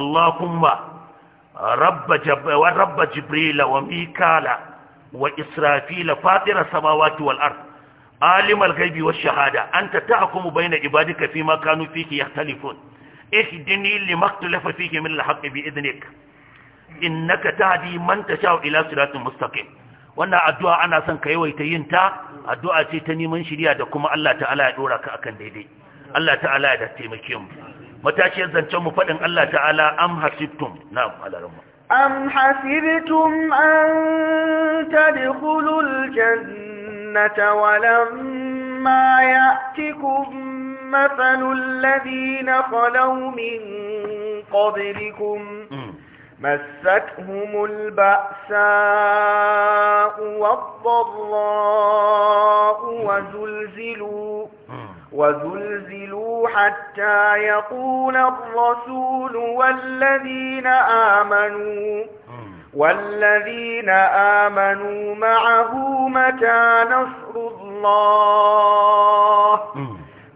Allahumma rabba jabba wa rabba jibril wa mikala wa israfil fatira samawati wal ard alim al ghaibi wash shahada anta tahkumu bayna ibadika fima kanu fihi yahtalifun ihdini limaktalafa fihi min al haqq bi idnika innaka tahdi man tasha'u ila siratin mustaqim wannan addu'a ana son ka yawaita yin ta addu'a ce ta neman shiriya da kuma Allah ta'ala ya dora ka akan daidai Allah ta'ala ya da taimake mu matashiyar zancen mu fadin Allah ta'ala am hasibtum na'am alarma am hasibtum an tadkhulul jannata wa lamma ya'tikum مثل الذين خلوا من قبلكم م. مستهم البأساء والضراء وزلزلوا وزلزلوا حتى يقول الرسول والذين آمنوا والذين آمنوا معه متى نصر الله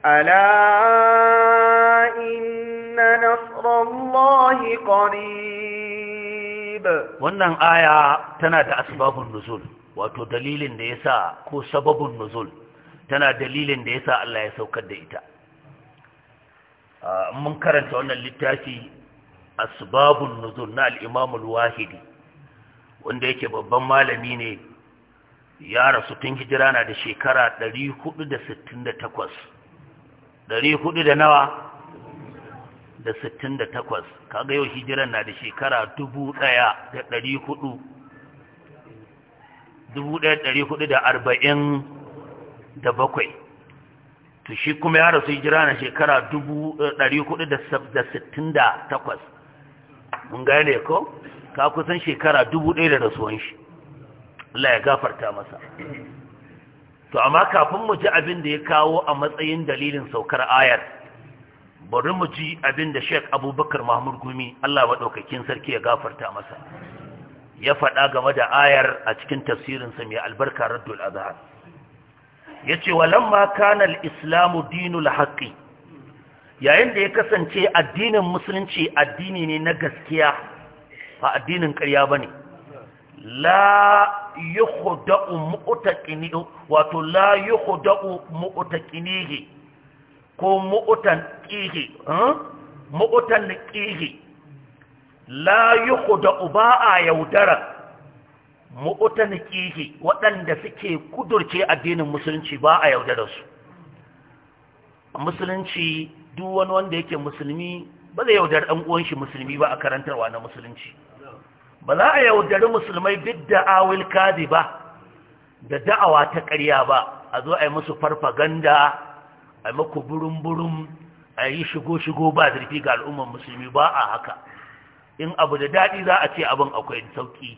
ألا الله قريب wannan aya tana da asbabun nuzul wato dalilin da yasa ko sababun nuzul tana dalilin da yasa Allah ya saukar da ita mun karanta wannan littafi asbabun nuzul na al-Imam al-Wahidi wanda yake babban malami ne ya rasu tun hijira na da shekara 468 400 da nawa da sittin da takwas kaga yau hijiran na da shekara dubu ɗaya da ɗari hudu dubu ɗaya ɗari hudu da arba'in da bakwai to shi kuma ya rasu hijira na shekara dubu eh, ɗari hudu da sittin da takwas mun gane ko ka kusan shekara dubu ɗaya da rasuwan shi Allah ya gafarta masa to amma kafin mu ji abin da ya kawo a matsayin dalilin saukar ayar bari mu ji abin da sheik abubakar mahmud gumi allah maɗaukakin sarki ya gafarta masa ya faɗa game da ayar a cikin tafsirinsa mai albarka raddul azhar ya ce walamma kana islamu dinul haqqi yayin da ya kasance addinin musulunci addini ne na gaskiya ba addinin ƙarya bane. la yukhda'u huda'u wato la yukhda'u mu'taqinihi ko mu'utan ƙihi mu'utan ƙihi la yi ba a yaudara mu'utan ƙihi waɗanda suke kudurce addinin musulunci ba a yaudara su musulunci duk wanda yake musulmi ba zai yaudar ɗan uwan shi musulmi ba a karantarwa na musulunci ba za a yaudari musulmai duk da awil kazi ba da da'awa ta ƙarya ba a zo a yi musu farfaganda a maku burin-burin a yi shigo-shigo ba zurfi ga al'ummar musulmi ba a haka in abu da daɗi za a ce abin akwai sauƙi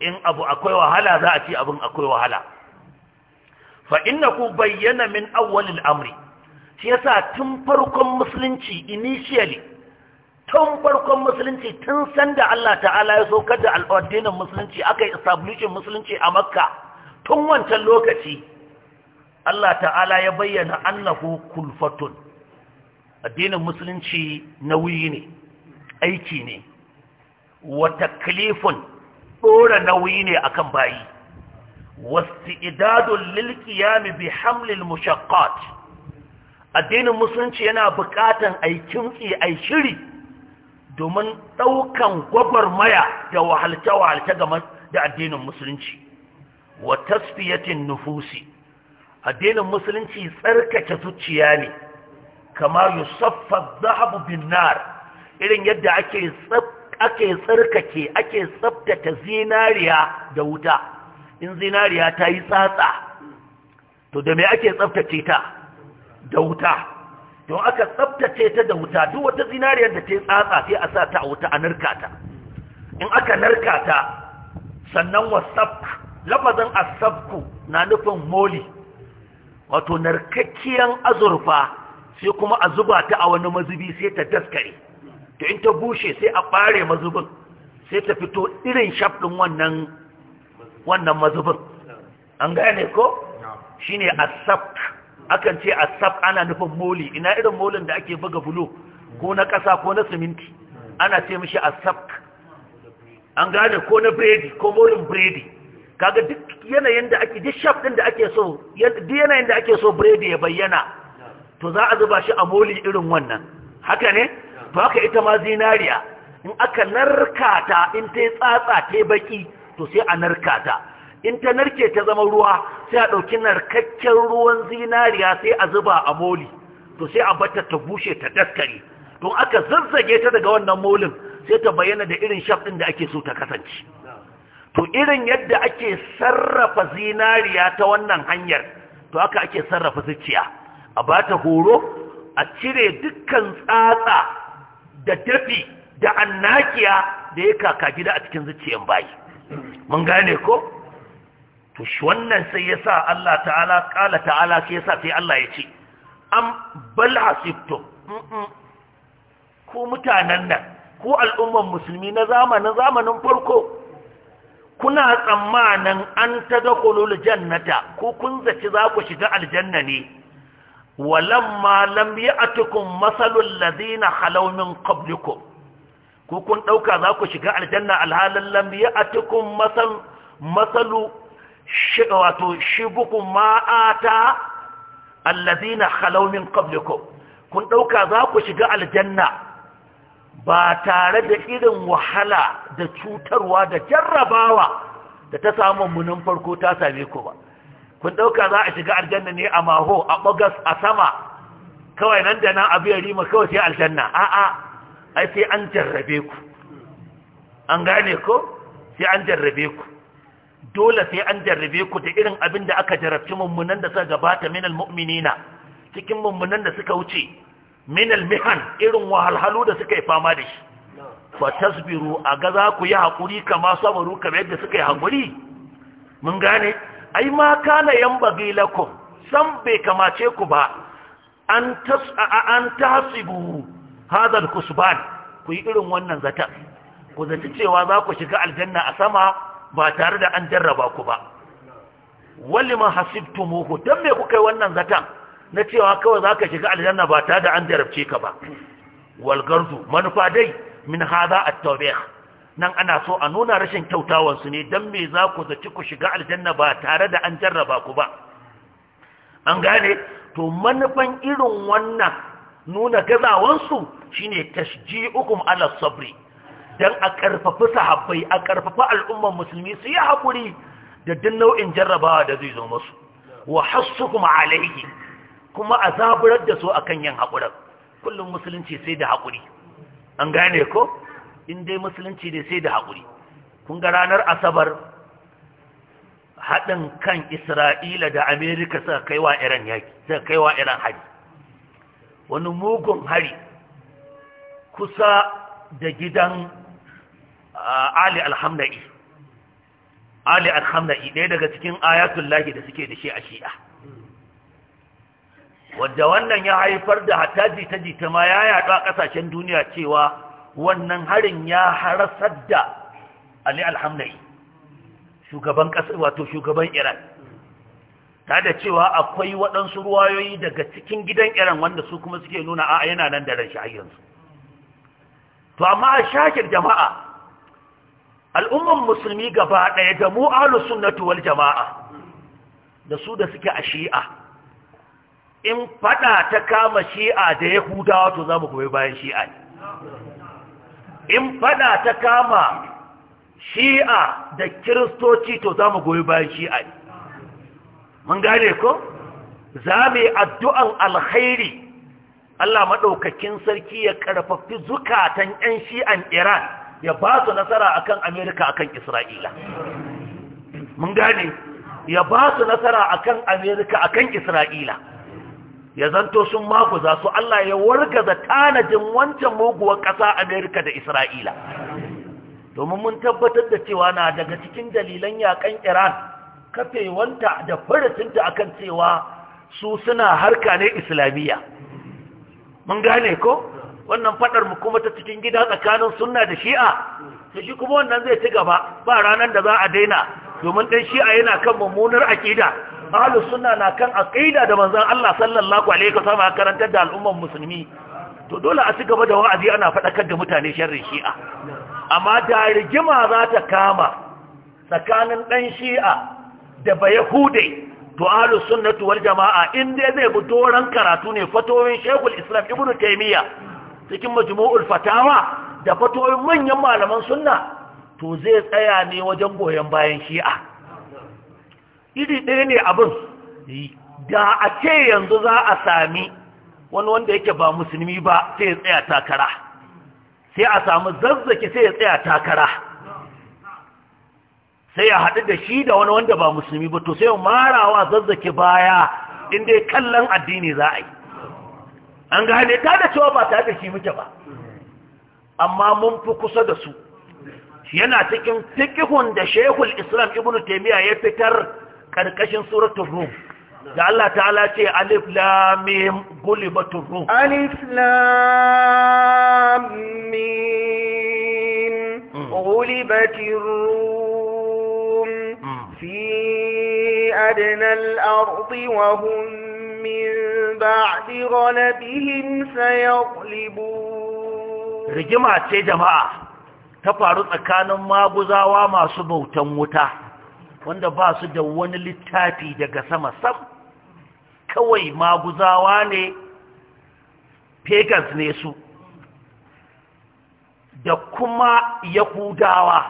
in abu akwai wahala za a ce abin akwai wahala fa inna ku bayyana min awwalil amri shi yasa tun farkon musulunci initially tun farkon musulunci tun sanda Allah ta'ala ya saukar da al'addinin musulunci aka yi establishin musulunci a makka tun wancan lokaci Allah ta'ala ya bayyana annahu kulfatun addinin musulunci nauyi ne aiki ne Wata taklifun ɗora nauyi ne akan bayi wasti'dadun lil qiyam bi hamlil mushaqqat addinin musulunci yana buƙatan aikin tsi ai shiri domin ɗaukan gwagwarmaya da wahalce wahalce ga da addinin musulunci wa tasfiyatin nufusi addinin musulunci tsarkake zuciya ne kamar yusaffa zahabu bin nar irin yadda ake ake tsarkake ake tsabtata zinariya da wuta in zinariya ta yi tsatsa to da me ake tsabtace ta da wuta don aka tsaftace ta da wuta duk wata zinariyar da ta yi tsatsa sai a sa ta a wuta a narka ta in aka narka ta sannan wasaf lafazin asabku na nufin moli wato narkakkiyar azurfa sai kuma a zuba ta a wani mazubi sai ta daskare to in ta bushe sai a ɓare mazubin sai ta fito irin shaf wannan wannan mazubin an gane ko shine asaf akan ce asaf ana nufin moli ina irin molin da ake buga bulo ko na ƙasa ko na siminti ana ce mishi asaf an gane ko na biredi ko molin biredi kaga duk yanayin da ake duk shaf din da ake so duk yanayin da ake so biredi ya bayyana to za a zuba shi a moli irin wannan haka ne to haka ita ma zinariya in aka narka ta in ta tsatsa ta baki to sai a narka ta in ta narke ta zama ruwa sai a ɗauki narkakken ruwan zinariya sai a zuba a moli to sai a bata ta bushe ta daskare don aka zazzage ta daga wannan molin sai ta bayyana da irin shaf ɗin da ake so ta kasance to irin yadda ake sarrafa zinariya ta wannan hanyar to aka ake sarrafa zuciya a ba ta horo a cire dukkan tsatsa da dafi da annakiya da ya kaka gida a cikin zuciyan bayi mun gane ko to shi wannan sai ya sa Allah ta'ala kala ta'ala sai ya sa sai Allah ya ce am bal asibtum ko mutanen nan ko al'umman musulmi na zamanin zamanin farko kuna tsammanin an ta dakulul jannata ko kun zaci za ku shiga aljanna ne walamma lam ya'tukum masalul ladina khalaw min qablikum ko kun ɗauka za ku shiga aljanna alhalan lam ya'tukum masal masalu wato shibukum ma'ata? ata alladina khalaw kun ɗauka za ku shiga aljanna ba tare da irin wahala da cutarwa da jarrabawa da ta samu munin farko ta same ku ba kun ɗauka za a shiga aljanna ne a maho a ɓagas a sama kawai nan da nan abu ya rima kawai sai aljanna a'a ai sai an jarrabe ku an gane ko sai an jarrabe ku dole sai an jarrabe ku da irin abin da aka jarabci mummunan da suka gabata minal mu'minina cikin mummunan da suka wuce min mihan irin wahalhalu da suka yi fama da shi fa tasbiru a ga za ku yi haƙuri kama sabaru kamar yadda suka yi haƙuri mun gane ai ma kana yan bagi lakum san bai kamace ku ba an tas an tahsibu hadha kusban ku yi irin wannan zata ku zata cewa za ku shiga aljanna a sama ba tare da an jarraba ku ba wallima hasibtumuhu dan me kuka yi wannan zata? na cewa kawai za ka shiga aljanna ba tare da an jarabce ka ba walgarzu manufa dai min haza a taubiyar nan ana so a nuna rashin kyautawansu ne don me za ku zaci ku shiga aljanna ba tare da an jarraba ku ba an gane to manufan irin wannan nuna gazawansu shine tashji'ukum ala sabri dan a karfafi sahabbai a karfafi al'ummar musulmi su yi haƙuri da duk nau'in jarrabawa da zai zo musu wa hassukum alaihi kuma a zaburar da su a kan yin haƙurar. kullum musulunci sai da haƙuri an gane ko in dai musulunci ne sai da haƙuri kun ga ranar asabar haɗin kan isra'ila da amerika suka kai wa iran yaki suka kai wa iran hari wani mugun hari kusa da gidan ah, ali alhamda'i ali alhamda'i ɗaya daga cikin ayatullahi da suke da shi a shi'a Wanda wannan ya haifar da hata jita-jita ma ya yaɗu a ƙasashen duniya cewa wannan harin ya harasar da ali alhamdai shugaban ƙasar wato shugaban iran ta da cewa akwai waɗansu ruwayoyi daga cikin gidan iran wanda su kuma suke nuna a yana nan da ranshi ayyansu to amma a shakir jama'a al'umman musulmi gaba ɗaya da mu ahlus sunnatu jama'a da su da suke a shi'a in fada ta kama shi'a da yahudawa to za mu goyi bayan shi'a ne in fada ta kama shi'a da kiristoci to za mu goyi bayan shi'a ne mun gane ko za mu yi addu'an alkhairi Allah maɗaukakin sarki ya ƙarfafi zukatan 'yan shi'an iran ya ba su nasara akan amerika akan isra'ila mun gane ya ba su nasara akan amerika akan isra'ila ya zanto sun za su Allah ya wargaza tanadin wancan muguwar ƙasa Amerika da Isra'ila domin mun tabbatar da cewa na daga cikin dalilan yaƙan Iran kafewanta da faratinta akan cewa su suna harka ne islamiyya mun gane ko wannan faɗar mu kuma ta cikin gida tsakanin sunna da shi'a ta shi kuma wannan zai ci gaba ba ranar da za a daina domin ɗan shi'a yana kan mummunar aƙida ahlus sunna na kan aqida da manzon Allah sallallahu alaihi wasallam a karantar da al'ummar musulmi to dole a ci gaba da wa'azi ana faɗakar da mutane sharri shi'a amma da rigima za ta kama tsakanin ɗan shi'a da bayahudai to ahlus sunnatu wal jama'a in dai zai bi doran karatu ne fatoyin shekul islam ibnu taymiya cikin majmu'ul fatawa da fatoyin manyan malaman sunna to zai tsaya ne wajen goyon bayan shi'a iri ɗaya ne abin eh. da a ce yanzu za a sami wani wanda yake ba musulmi ba sai ya tsaya takara sai a sami zazzaki sai ya tsaya takara sai ya haɗu da shi da wani wanda ba musulmi ba to sai ya marawa zazzaki baya inda kallon addini za a yi an gane ta da cewa ba ta da shi muke ba amma mun fi kusa da su yana cikin fikihun da shekul islam ibn taimiyya ya fitar karkashin suratul rum da Allah ta'ala ce alif lam mim gulibatur rum alif lam mim gulibatir rum fi adna al-ardi wa hum min ba'di ghalabihim sayaghlibun rigima ce jama'a ta faru tsakanin maguzawa masu bautan wuta wanda ba su da wani littafi daga sama sam kawai maguzawa ne pagans ne su da kuma yahudawa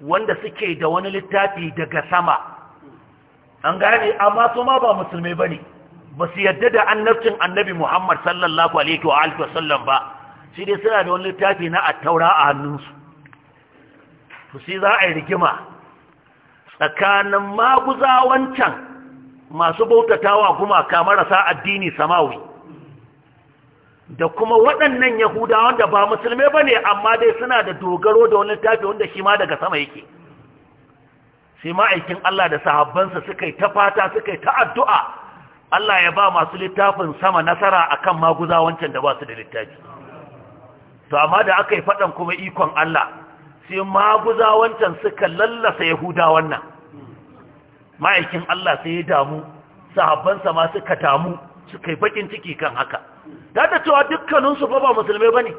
wanda suke da wani littafi daga sama an gane amma su ma ba musulmi ba ne ba su yadda da annabcin annabi muhammad sallallahu alaihi wa alihi wasallam ba shi dai suna da wani littafi na attaura a hannunsu to sai za a yi rigima tsakanin maguzawancan masu bautatawa gumaka marasa addini samawi da kuma waɗannan yahudawan da ba musulmai ba ne amma dai suna da dogaro da wani tafi wanda shi ma daga sama yake sai ma'aikin Allah da sahabbansa suka yi ta fata suka yi ta addu'a Allah ya ba masu littafin sama nasara akan maguzawancan da ba su da littafi to amma da aka yi faɗan kuma ikon Allah sai maguzawancan suka lallasa yahudawan nan ma'aikin Allah sai ya damu sahabbansa ma suka damu suka yi bakin ciki kan haka da da cewa dukkaninsu ba ba musulmai ba ne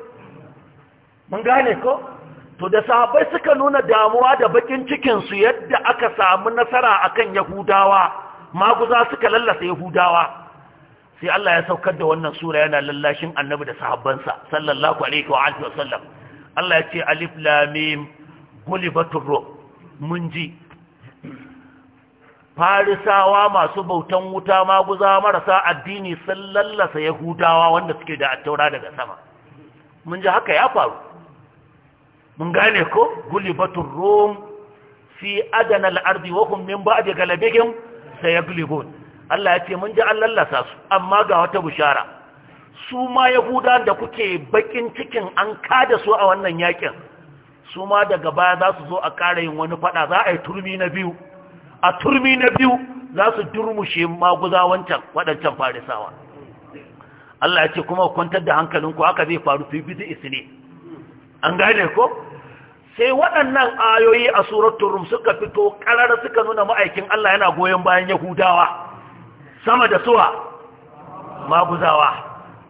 mun gane ko to da sahabbai suka nuna damuwa da bakin cikinsu yadda aka samu nasara akan yahudawa maguza suka lallasa yahudawa sai Allah ya saukar da wannan sura yana lallashin annabi da sahabbansa sallallahu alaihi wa alihi wasallam Allah ya ce alif lam mim gulibatur mun ji farisawa masu bautan wuta maguza marasa addini sun lallasa yahudawa wanda suke da attaura daga sama mun ji haka ya faru mun gane ko gulibatul rum fi adana al-ardi wa hum min ba'di galabihim sayaglibun Allah ya ce mun ji an lallasa su amma ga wata bushara su ma Yahuda da kuke bakin cikin an kada su a wannan yakin su ma daga baya za su zo a ƙara yin wani fada za a yi turmi na biyu a turmi na biyu za su turmushe maguza wancan waɗancan farisawa Allah ya ce kuma kwantar da hankalinku haka zai faru bizu isi ne an gane ko sai waɗannan ayoyi a surar turum suka fito ƙarara suka nuna ma'aikin Allah yana goyon bayan yahudawa sama da suwa maguzawa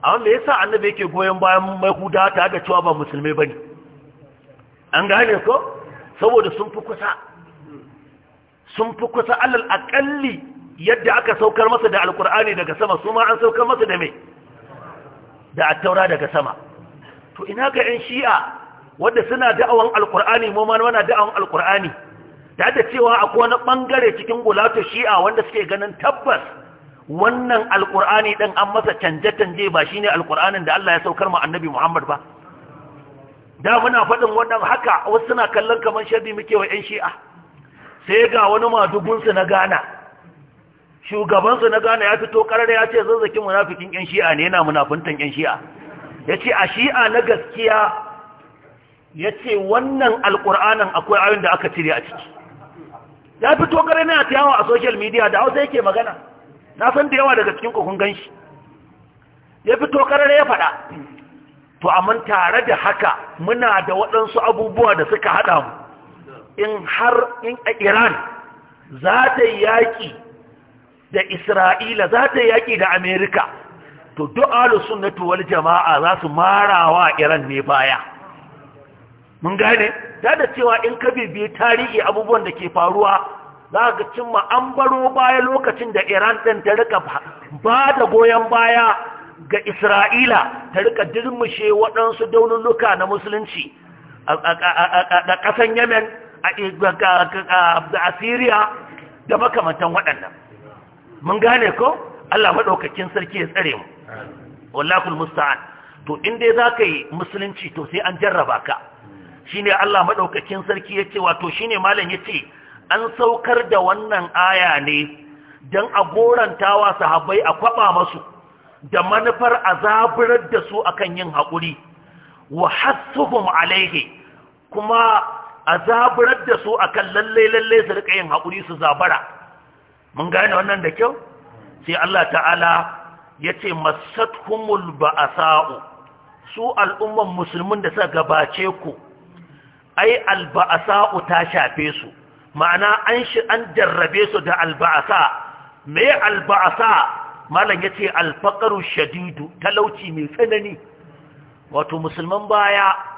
amma me yasa annabi yake goyon bayan yahudawa ta ga cewa ba musulmai bane an gane ko saboda sun fi kusa sun fi kusa alal akalli yadda aka saukar masa da alkur'ani daga sama su ma an saukar masa da mai da attaura daga sama to ina ga 'yan shi'a wanda suna da'awan alkur'ani ma wana da'awan alkur'ani da da cewa akwai wani bangare cikin gulato shi'a wanda suke ganin tabbas wannan alkur'ani din an masa canje-canje ba shine alkur'anin da Allah ya saukar ma annabi Muhammad ba da muna faɗin wannan haka wasu suna kallon kamar sharri muke wa 'yan shi'a sai ga wani madubunsu na gana, shugabansu na gana, ya fito karar ya ce zazzakin munafikin yan shi'a ne yana munafuntan yan shi'a Ya ce a shi'a na gaskiya ya ce wannan alqur'anin akwai ayon da aka cire a ciki ya fito karar ta yawa a social media da Hausa yake magana na san da yawa daga cikin ku gan shi. ya fito karar ya faɗa to amma tare da haka muna da waɗansu abubuwa da suka haɗa mu in har in a iran za ta yaƙi da isra'ila za ta yaƙi da amerika to du'alu sunnatu wal jama'a za su marawa iran ne baya mun gane da da cewa in ka bibiyi tarihi abubuwan da ke faruwa za ga cimma an baro baya lokacin da iran ɗin ta rika ba da goyon baya ga isra'ila ta rika dirmushe waɗansu luka na musulunci a ƙasan yemen a asiriya da makamantan waɗannan mun gane ko Allah maɗaukakin sarki ya tsare mu wallakul musta'an to in dai ka yi musulunci to sai an jarraba ka Shi ne Allah maɗaukakin sarki ya yace wato ne malam ce, an saukar da wannan aya ne don a gorantawa sahabbai a kwaɓa masu da manufar a azabirar da su akan yin haƙuri wa hassuhum alaihi kuma a zaburar da su a kan lallai-lallai su rika yin haƙuri su zabara mun gane wannan da kyau sai Allah ta'ala ya ce masathumul ba'asa'u su al'umman musulmin da suka gabace ku ai alba'asa'u ta shafe su ma'ana an shi an jarrabe su da alba'asa me alba'asa malam ya ce alfakaru shadidu talauci mai tsanani wato musulman baya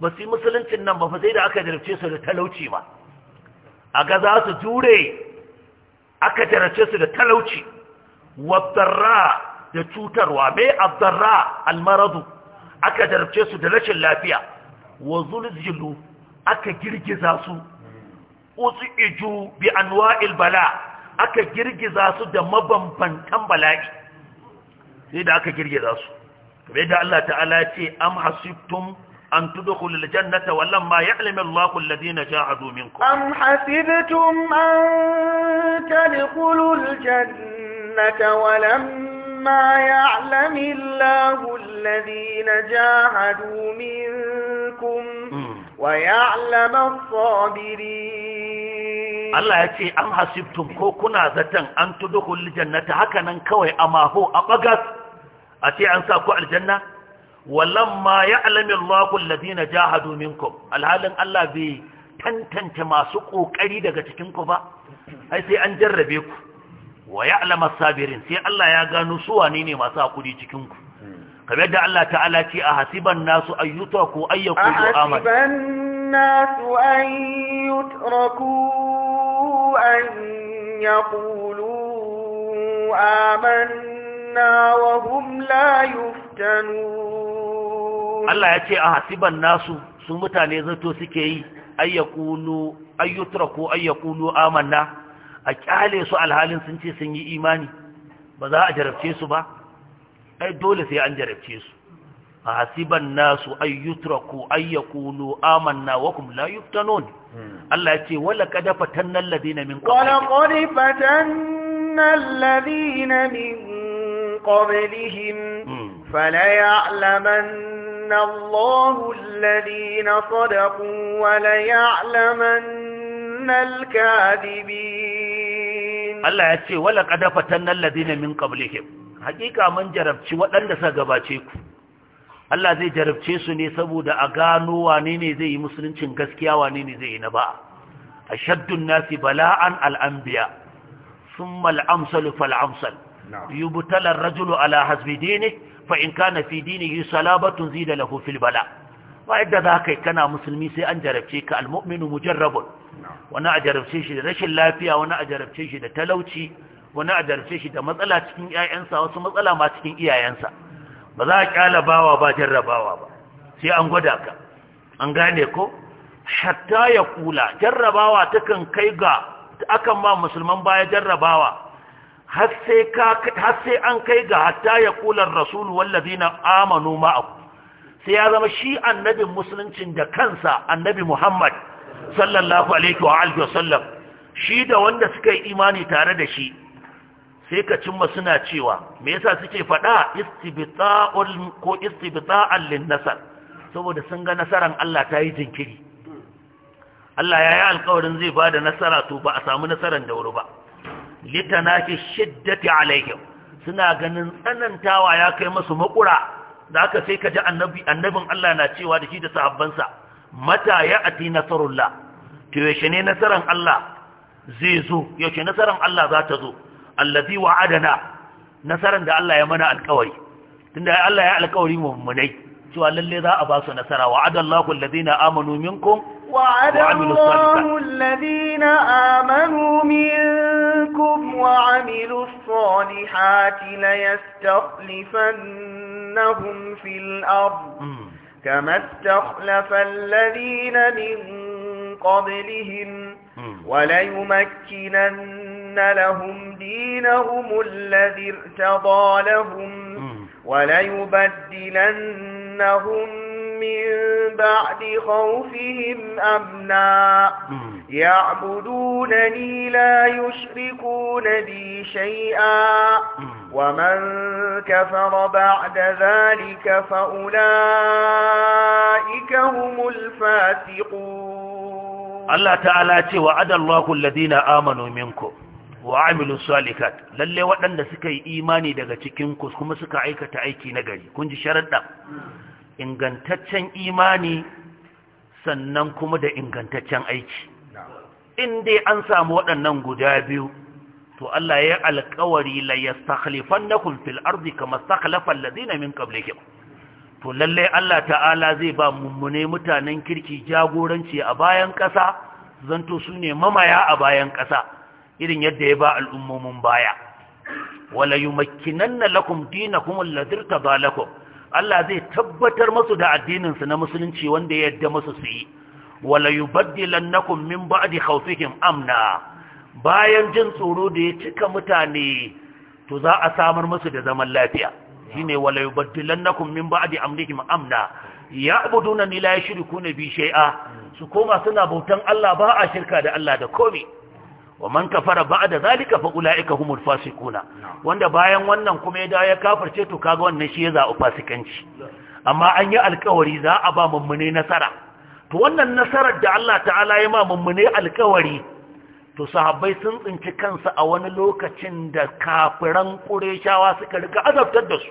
ba su yi musuluncin nan ba fa sai da aka jarabce su da talauci ba a ga za su jure aka jarabce su da talauci wadarra da cutarwa mai abdarra almaradu aka jarabce su da rashin lafiya wa zulzilu aka girgiza su uzu bi anwa'il bala aka girgiza su da mabambantan bala'i sai da aka girgiza su kamar yadda Allah ta'ala ce am hasibtum أن تدخل الجنة ولما يعلم الله الذين جاهدوا منكم أم حسبتم أن تدخلوا الجنة ولما يعلم الله الذين جاهدوا منكم ويعلم الصابرين الله يتي أم حسبتم كوكنا ذاتا أن تدخل الجنة هكذا كوي أما هو أبقت أتي أن ساكو الجنة ya alamin Allahu ladina jahadu domin alhalin Allah bai tantance masu ƙoƙari daga cikinku ba ai sai an jarrabe ku wa ya'lamu sabirin sai Allah ya gano su wane ne masu haƙuri cikin ku kamar da Allah ta'ala ce a hasiban nasu ayyuta ko ayyakulu amana hasiban nasu an yutraku an yaqulu amanna na wa la yuftanu Allah ya ce a hasiban nasu su mutane zato suke yi ayyakulu ayyutraku ayyakulu amanna a kyale su alhalin sun ce sun yi imani ba za a jarabce su ba ai dole sai an jarabce su a hasiban nasu ayyutraku ayyakulu amanna wa kum la yuftanun hmm. Allah ya ce wala kada fatannal ladina min qabli wala qad fatannal ladina min قبلهم فليعلمن الله الذين صدقوا وليعلمن الكاذبين الله يتشي ولقد فتن الذين من قبلهم حقيقة من جربتي ولن ku. Allah zai jarabce su ne saboda a gano wane ne zai yi musuluncin gaskiya wane ne zai yi na ba'a shaddun nasi bala'an Summal summa al'amsalu fal'amsal يبتلى الرجل على حسب دينه فإن كان في دينه صلابة زيد له في البلاء وعند ذاك كان مسلمي سي أن جربتيك المؤمن مجرب وانا أجربتيش رشل لافية وانا أجربتيش تلوتي وانا أجربتيش مسألة تكين إيا ينسى ومسألة ما تكين إيا ينسى بذاك على باوا با جرباوا با sai an gwada ka an gane ko hatta ya kula jarrabawa takan kai ga akan ma musulman baya jarrabawa har sai an kai ga hatta ya kular rasulu wallazina amanu ma'ahu sai ya zama shi annabin musuluncin da kansa annabi Muhammad sallallahu alaihi wa alihi wasallam shi da wanda suka yi imani tare da shi sai ka cimma suna cewa me yasa suke faɗa istibta'ul ko lin nasar saboda sun ga nasaran Allah ta yi jinkiri Allah ya yi alƙawarin zai ba da nasara to ba a samu nasaran da wuri ba litanashi shiddati alaihim suna ganin tsanantawa ya kai masu makura da aka sai ka ji annabi annabin Allah na cewa da shi da sahabbansa mata ya ati nasarullah to yaushe ne nasaran Allah zai zo yaushe nasaran Allah za ta zo allazi wa'adana nasaran da Allah ya mana alƙawari tunda Allah ya alƙawari mu munai cewa lalle za a ba su nasara wa'adallahu allazina amanu minkum وعد الله الذين آمنوا منكم وعملوا الصالحات ليستخلفنهم في الأرض كما استخلف الذين من قبلهم وليمكنن لهم دينهم الذي ارتضى لهم وليبدلنهم من بعد خوفهم أمنا يعبدونني لا يشركون بي شيئا ومن كفر بعد ذلك فأولئك هم الفاسقون الله تعالى وعد الله الذين آمنوا منكم wa amilu salikat lalle waɗanda suka yi imani daga cikin ku kuma suka aikata aiki na gari kun ji sharaɗa ingantaccen imani sannan kuma da ingantaccen aiki in dai an samu waɗannan guda biyu to Allah ya alkawari la yastakhlifannakum fil ardi kama stakhlafa na min qablikum to lalle Allah ta'ala zai ba mummune mutanen kirki jagoranci a bayan ƙasa zanto su ne mamaya a bayan ƙasa irin yadda ya ba al'ummomin baya wala yumakkinanna lakum dinakum alladhi tadalakum Allah zai tabbatar masu da addininsu na musulunci wanda ya yadda masu su yi wala amna bayan jin tsoro da ya cika mutane to za a samar musu da zaman lafiya shine wala yubaddilannakum min ba'di amrihim amna ya'buduna bi shai'a, su koma suna bautan Allah ba a shirka da Allah da komi. wa man kafara ba'da zalika fa ulaika humul fasiquna wanda bayan wannan kuma ya da ya kafirce to kaga wannan shi ya zaɓi fasikanci amma an yi alkawari za a ba mummune nasara to wannan nasarar da Allah ta'ala ya ma mummune alkawari to sahabbai sun tsinci kansu a wani lokacin da kafiran ƙureshawa suka rika azabtar da su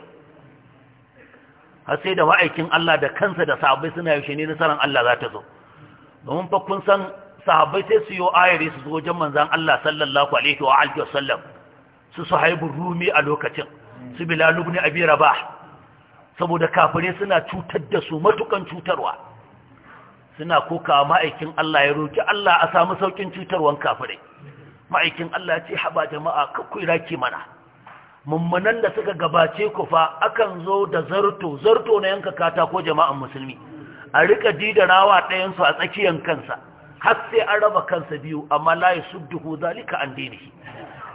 har sai da ma'aikin Allah da kansa da sahabbai suna yaushe ne nasarar Allah za ta zo domin fa kun san sahabbai sai su yi ayari su zo wajen manzan Allah sallallahu alaihi wa alihi wasallam su suhaibun rumi a lokacin su bilal ibn abi rabah saboda kafirai suna cutar da su matukan cutarwa suna koka ma'aikin Allah ya roki Allah a samu saukin cutarwan kafirai ma'aikin Allah ya ce haba jama'a kakkui raki mana mummunan da suka gabace ku fa akan zo da zarto zarto na yanka katako jama'an musulmi a rika didarawa ɗayansu a tsakiyar kansa har sai an raba kansa biyu amma la yusudduhu zalika an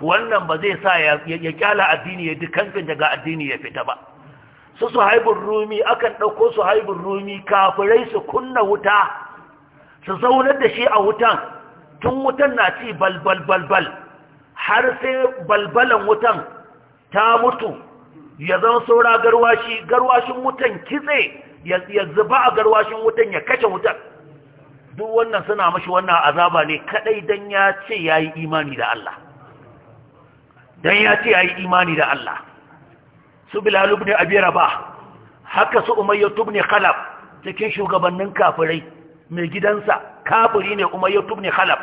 wannan ba zai sa ya kyala addini ya dukankan daga addini ya fita ba su su rumi akan ɗauko su rumi kafirai su kunna wuta su zaunar da shi a wutan tun wutan na ci balbalbalbal har sai balbalan wutan ta mutu ya zan saura garwashi garwashin wutan kitse ya zuba a garwashin wutan ya kashe wutan duk wannan suna mashi wannan azaba ne kadai dan ya ce yayi imani da Allah dan ya ce yayi imani da Allah su bilal ibn abi rabah haka su umayyah ibn khalaf cikin shugabannin kafirai mai gidansa kafiri ne umayyah ibn khalaf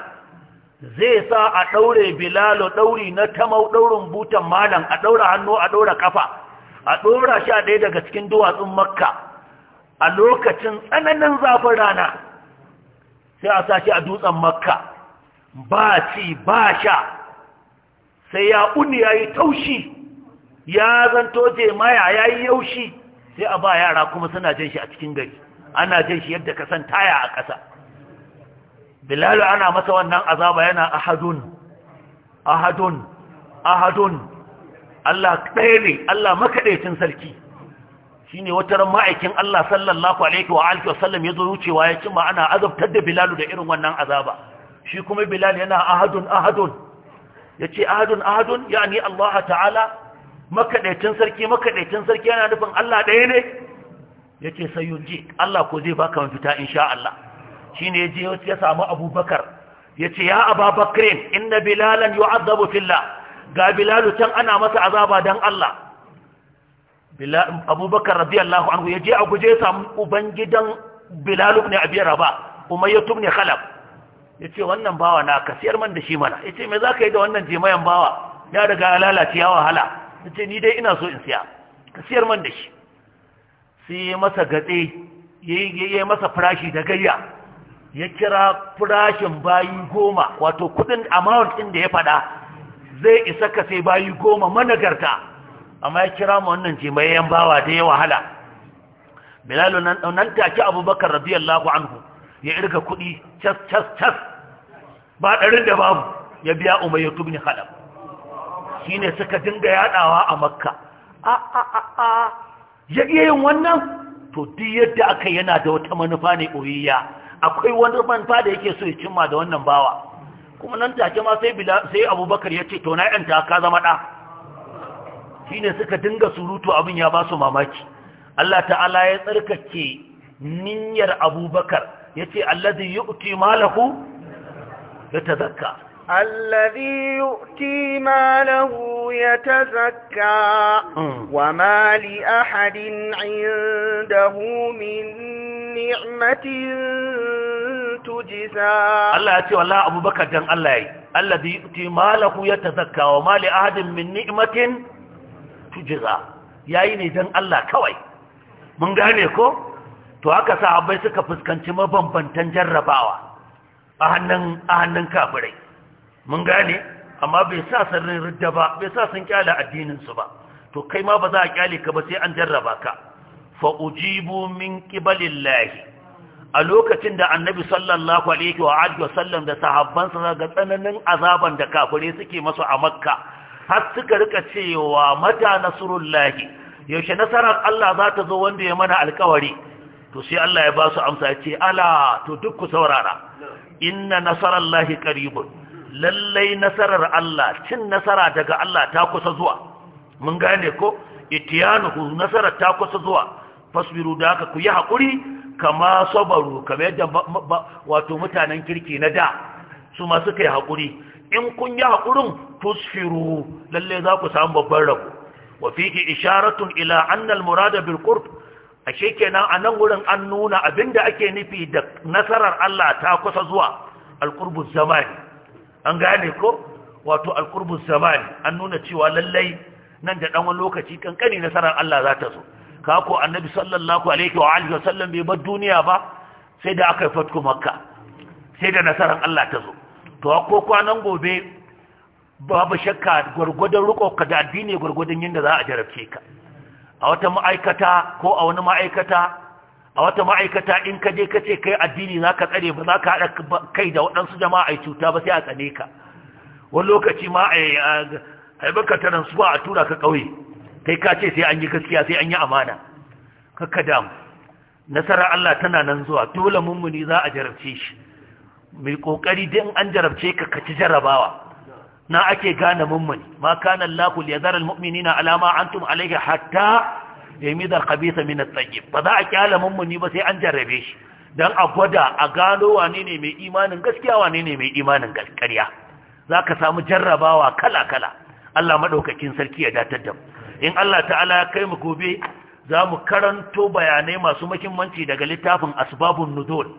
zai sa a daure bilal dauri na tamau daurin butan malam a daura hannu a daura kafa a dora shi a ɗaya daga cikin duwatsun makka a lokacin tsananin zafin rana sai a sa shi a dutsen makka ba ci ba sha sai ya ƙuni ya yi taushi ya zanto jemaya maya ya yi yaushi sai a ba yara kuma suna jan shi a cikin gari ana jan shi yadda kasan taya a ƙasa bilalu ana masa wannan azaba yana ahadun ahadun ahadun Allah ɗaya ne Allah makaɗaicin sarki shine wata ran ma'aikin Allah sallallahu alaihi wa alihi wasallam yazo wucewa ya ce ma ana azabtar da Bilal da irin wannan azaba shi kuma Bilal yana ahadun ahadun yace ahadun ahadun yani Allah ta'ala makadaicin sarki makadaicin sarki yana nufin Allah ɗaya ne yace sayyunji Allah ko zai baka mafita insha Allah shine yaje ya samu Abubakar yace ya Ababakrin inna bilalan yu'adhabu fillah ga Bilal can ana masa azaba dan Allah abubakar radiyallahu anhu ya je a guje ya samu ubangidan bilal ibn abi rabah umayya ibn khalaf yace wannan bawa na ka siyar man da shi mana yace me zaka yi da wannan jemayan bawa ya daga lalace ya wahala yace ni dai ina so in siya ka siyar man da shi sai ya masa gatse yayi masa farashi da gayya ya kira farashin bayi goma wato kudin amount din da ya fada zai isa ka sai bayi goma managarta amma ya kira mu wannan yan bawa da ya wahala bilalu nan take abubakar radiyallahu anhu ya irka kuɗi cas cas cas ba ɗarin da babu ya biya umayya tubni haɗa. shi ne suka dinga yaɗawa a makka a a a a ya iya yin wannan to duk yadda aka yana da wata manufa ne ɓoyayya akwai wani manufa da yake so ya cimma da wannan bawa kuma nan take ma sai abubakar ya ce to na yanta ka zama ɗa shi ne suka dinga surutu abin ya ba su mamaki Allah ta'ala ya tsarkake niyyar abubakar ya ce allah allazi yu'ti malahu ya ta tazakka allazi yu'ti malahu ya ta tazakka mm. wa mali ahadin indahu min ni'matin tujza Allah ya ce wallahi abubakar dan Allah ya yi. yayi allazi yu'ti malahu ya ta tazakka wa mali ahadin min ni'matin ya yi ne don Allah kawai mun gane ko to haka sahabbai suka fuskanci mabambantan jarrabawa a hannun a hannun kafirai mun gane amma bai sa sarrin ridda ba bai sa sun kyale addinin su ba to kai ma ba za a kyale ka ba sai an jarraba ka fa ujibu min qibalillahi a lokacin da annabi sallallahu alaihi wa alihi wa sallam da sahabbansa ga tsananin azaban da kafirai suke masu a makka har suka rika cewa mata nasrullahi yaushe nasarar Allah za ta zo wanda ya mana alkawari to sai Allah ya ba su amsa ce ala to duk ku saurara inna nasarallahi qaribun lallai nasarar Allah cin nasara daga Allah ta kusa zuwa mun gane ko itiyanuhu nasarar ta kusa zuwa fasbiru da haka ku yi hakuri kama sabaru kamar yadda wato mutanen kirki na da su ma suka yi hakuri in kun yi haƙurin tusfiru lalle za ku samu babban rabo wa fihi isharatun ila annal murada bil qurb ashe kenan a nan wurin an nuna abinda ake nufi da nasarar Allah ta kusa zuwa alqurbuz zamani an gane ko wato alqurbuz zamani an nuna cewa lallai nan da ɗan wani lokaci kankani nasarar Allah za ta zo kako annabi sallallahu alaihi wa alihi wa sallam bai bar duniya ba sai da aka yi fatku makka sai da nasarar Allah ta zo to ko kwanan gobe babu shakka gwargwadon riko ka da addini gwargwadon da za a jarabce ka a wata ma'aikata ko a wani ma'aikata a wata ma'aikata in ka je ka ce kai addini za ka tsare ba za ka haɗa kai da waɗansu jama'a a cuta ba sai a tsane ka wani lokaci ma a baka ta ransuwa a tura ka ƙauye kai ka ce sai an yi gaskiya sai an yi amana kakka damu nasarar Allah tana nan zuwa dole mummuni za a jarabce shi mai kokari din an jarabce ka ka ci jarabawa na ake gane mummuni ma kana Allahu liyadhara almu'minina ala alama antum alayhi hatta yamida alqabitha min at-tayyib ba za a kyala mummuni ba sai an jarabe shi dan a gwada a gano wane ne mai imanin gaskiya wane ne mai imanin gaskiya zaka samu jarrabawa kala kala Allah madaukakin sarki ya datar da in Allah ta'ala ya kai mu gobe za mu karanto bayanai masu muhimmanci daga littafin asbabun nuzul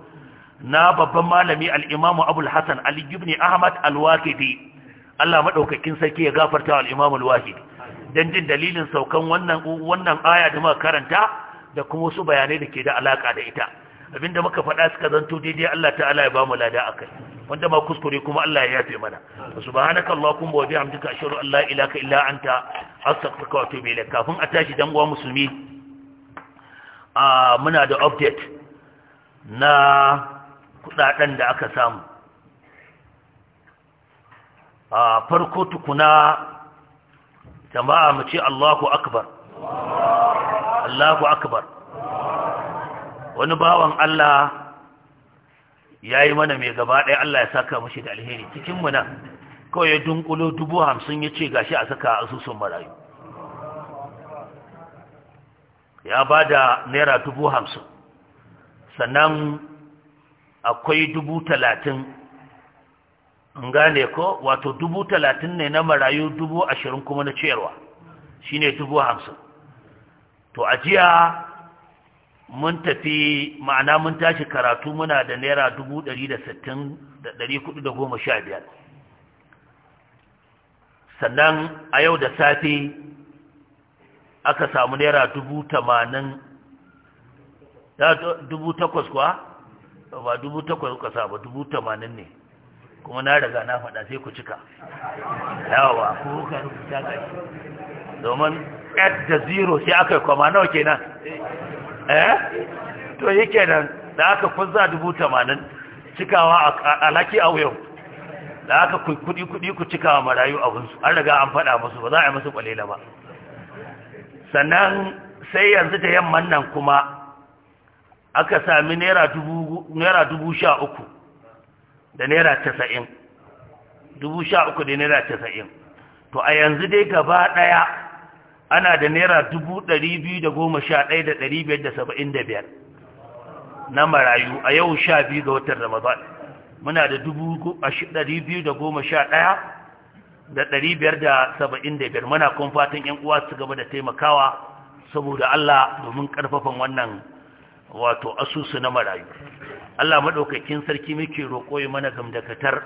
na babban malami Alimamu abul hasan ali ibn ahmad al-waqidi Allah maɗaukakin sarki ya gafarta wa Alimamu al-waqidi Don jin dalilin saukan wannan wannan aya da muka karanta da kuma wasu bayanai da ke da alaka da ita abinda muka faɗa suka zanto daidai Allah ta'ala ya bamu lada akai wanda ma kuskure kuma Allah ya yafe mana subhanaka allahumma wa bihamdika ashhadu an la ilaha illa anta astaghfiruka wa atubu ilaik kafin a tashi dan uwa musulmi a muna da update na Kuɗaɗen da aka samu a farko tukuna jama'a mu ce Allahu akbar Allahu akbar wani bawan Allah ya yi mana mai gaba ɗaya Allah ya saka mashi da alheri cikin muna kawai ya dunkulo dubu hamsin ya ce gashi a saka asusun marayu ya ba da naira dubu hamsin sannan akwai dubu talatin gane ko wato dubu talatin ne na marayu dubu ashirin kuma na ciyarwa shine dubu hamsin to a jiya mun tafi ma'ana mun tashi karatu muna da naira dubu ɗari da sittin da ɗari kudu da goma sha biyar sannan a yau da safe aka samu naira dubu tamanin dubu takwas kuwa ba dubu takwas kuka sa ba dubu tamanin ne kuma na riga na faɗa sai ku cika yawa ko ka rubuta ga shi domin at da zero sai aka yi kwama nawa kenan eh to yi kenan da aka za dubu tamanin cikawa a laki a wuyan da aka kudi kuɗi ku cikawa marayu su an riga an faɗa musu ba za a yi musu ƙwalela ba sannan sai yanzu da yamman nan kuma aka sami naira dubu sha uku da naira tasa'in dubu sha uku da naira tasa'in to a yanzu dai gaba ɗaya ana da naira dubu ɗari biyu da goma sha ɗaya da ɗari biyar da saba'in da biyar na marayu a yau sha biyu ga watan ramadan muna da dubu ɗari biyu da goma sha ɗaya da ɗari biyar da saba'in da biyar muna kuma fatan 'yan uwa su gaba da taimakawa saboda Allah domin ƙarfafan wannan wato asusu na marayu Allah maɗaukakin sarki muke roƙo ya mana gamdakatar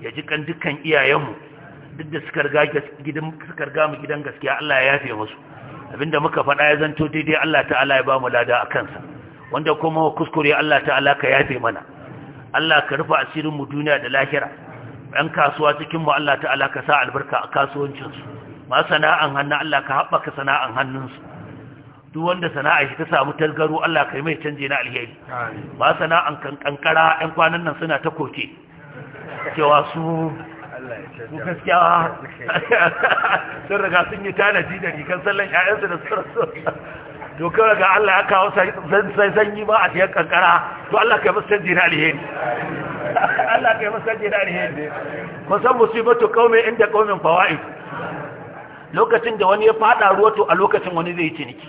ya ji kan dukkan iyayenmu duk da suka riga mu gidan gaskiya Allah ya yafe musu abinda muka faɗa ya zanto daidai Allah ta'ala ya ba mu lada a kansa wanda kuma kuskure Allah ta'ala ka yafe mana Allah ka rufe asirinmu duniya da lahira ɗan kasuwa cikinmu Allah ta'ala ka sa albarka a kasuwancinsu ma sana'an hannu Allah ka haɓaka sana'an hannunsu duk wanda sana'a shi ta samu talgaro Allah kai mai canje na alheri ba sana'an kankara ƴan kwanan nan suna ta koke cewa su gaskiya sun sun yi tanaji da rikan sallan ƴaƴansu da sarsu to kawai ga Allah ya kawo sai zan yi ba a cikin kankara to Allah kai masu canje na alheri Allah kai masu canje na alheri kusan musibatu kaume inda kaumin fawaid lokacin da wani ya fada ruwa to a lokacin wani zai ciniki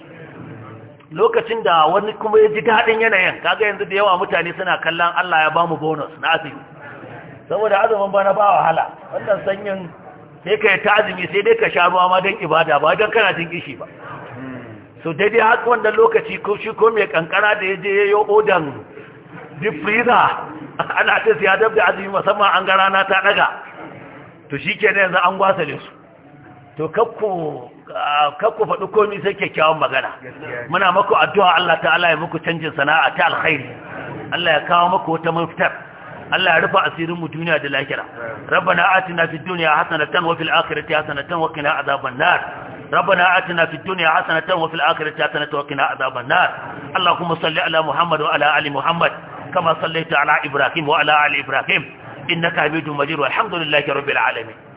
lokacin da wani kuma ya ji daɗin yanayin kaga yanzu da yawa mutane suna kallon Allah ya bamu bonus na azumi saboda azumin bana ba wahala wannan sanyin sai ka yi ta azumi sai dai ka sha ruwa ma don ibada ba don kana jin kishi ba so daidai haka wannan lokaci ko shi ko mai kankara da ya je ya yi odan deep freezer ana ta siya dab da azumi musamman an ga rana ta daga to shi ke yanzu an gwasale su to kakko kakku faɗi komi sai kyakkyawan magana muna maku addu'a Allah ta'ala ya muku canjin sana'a ta alkhairi Allah ya kawo maku wata mafitar Allah ya rufa asirinmu duniya da lahira rabbana atina fi duniya hasanatan wa fil akhirati hasanatan wa qina adhaban nar ربنا آتنا في الدنيا حسنة وفي الآخرة حسنة وقنا عذاب النار اللهم صل على محمد ala آل محمد كما صليت على إبراهيم وعلى آل إبراهيم إنك حميد مجيد والحمد لله رب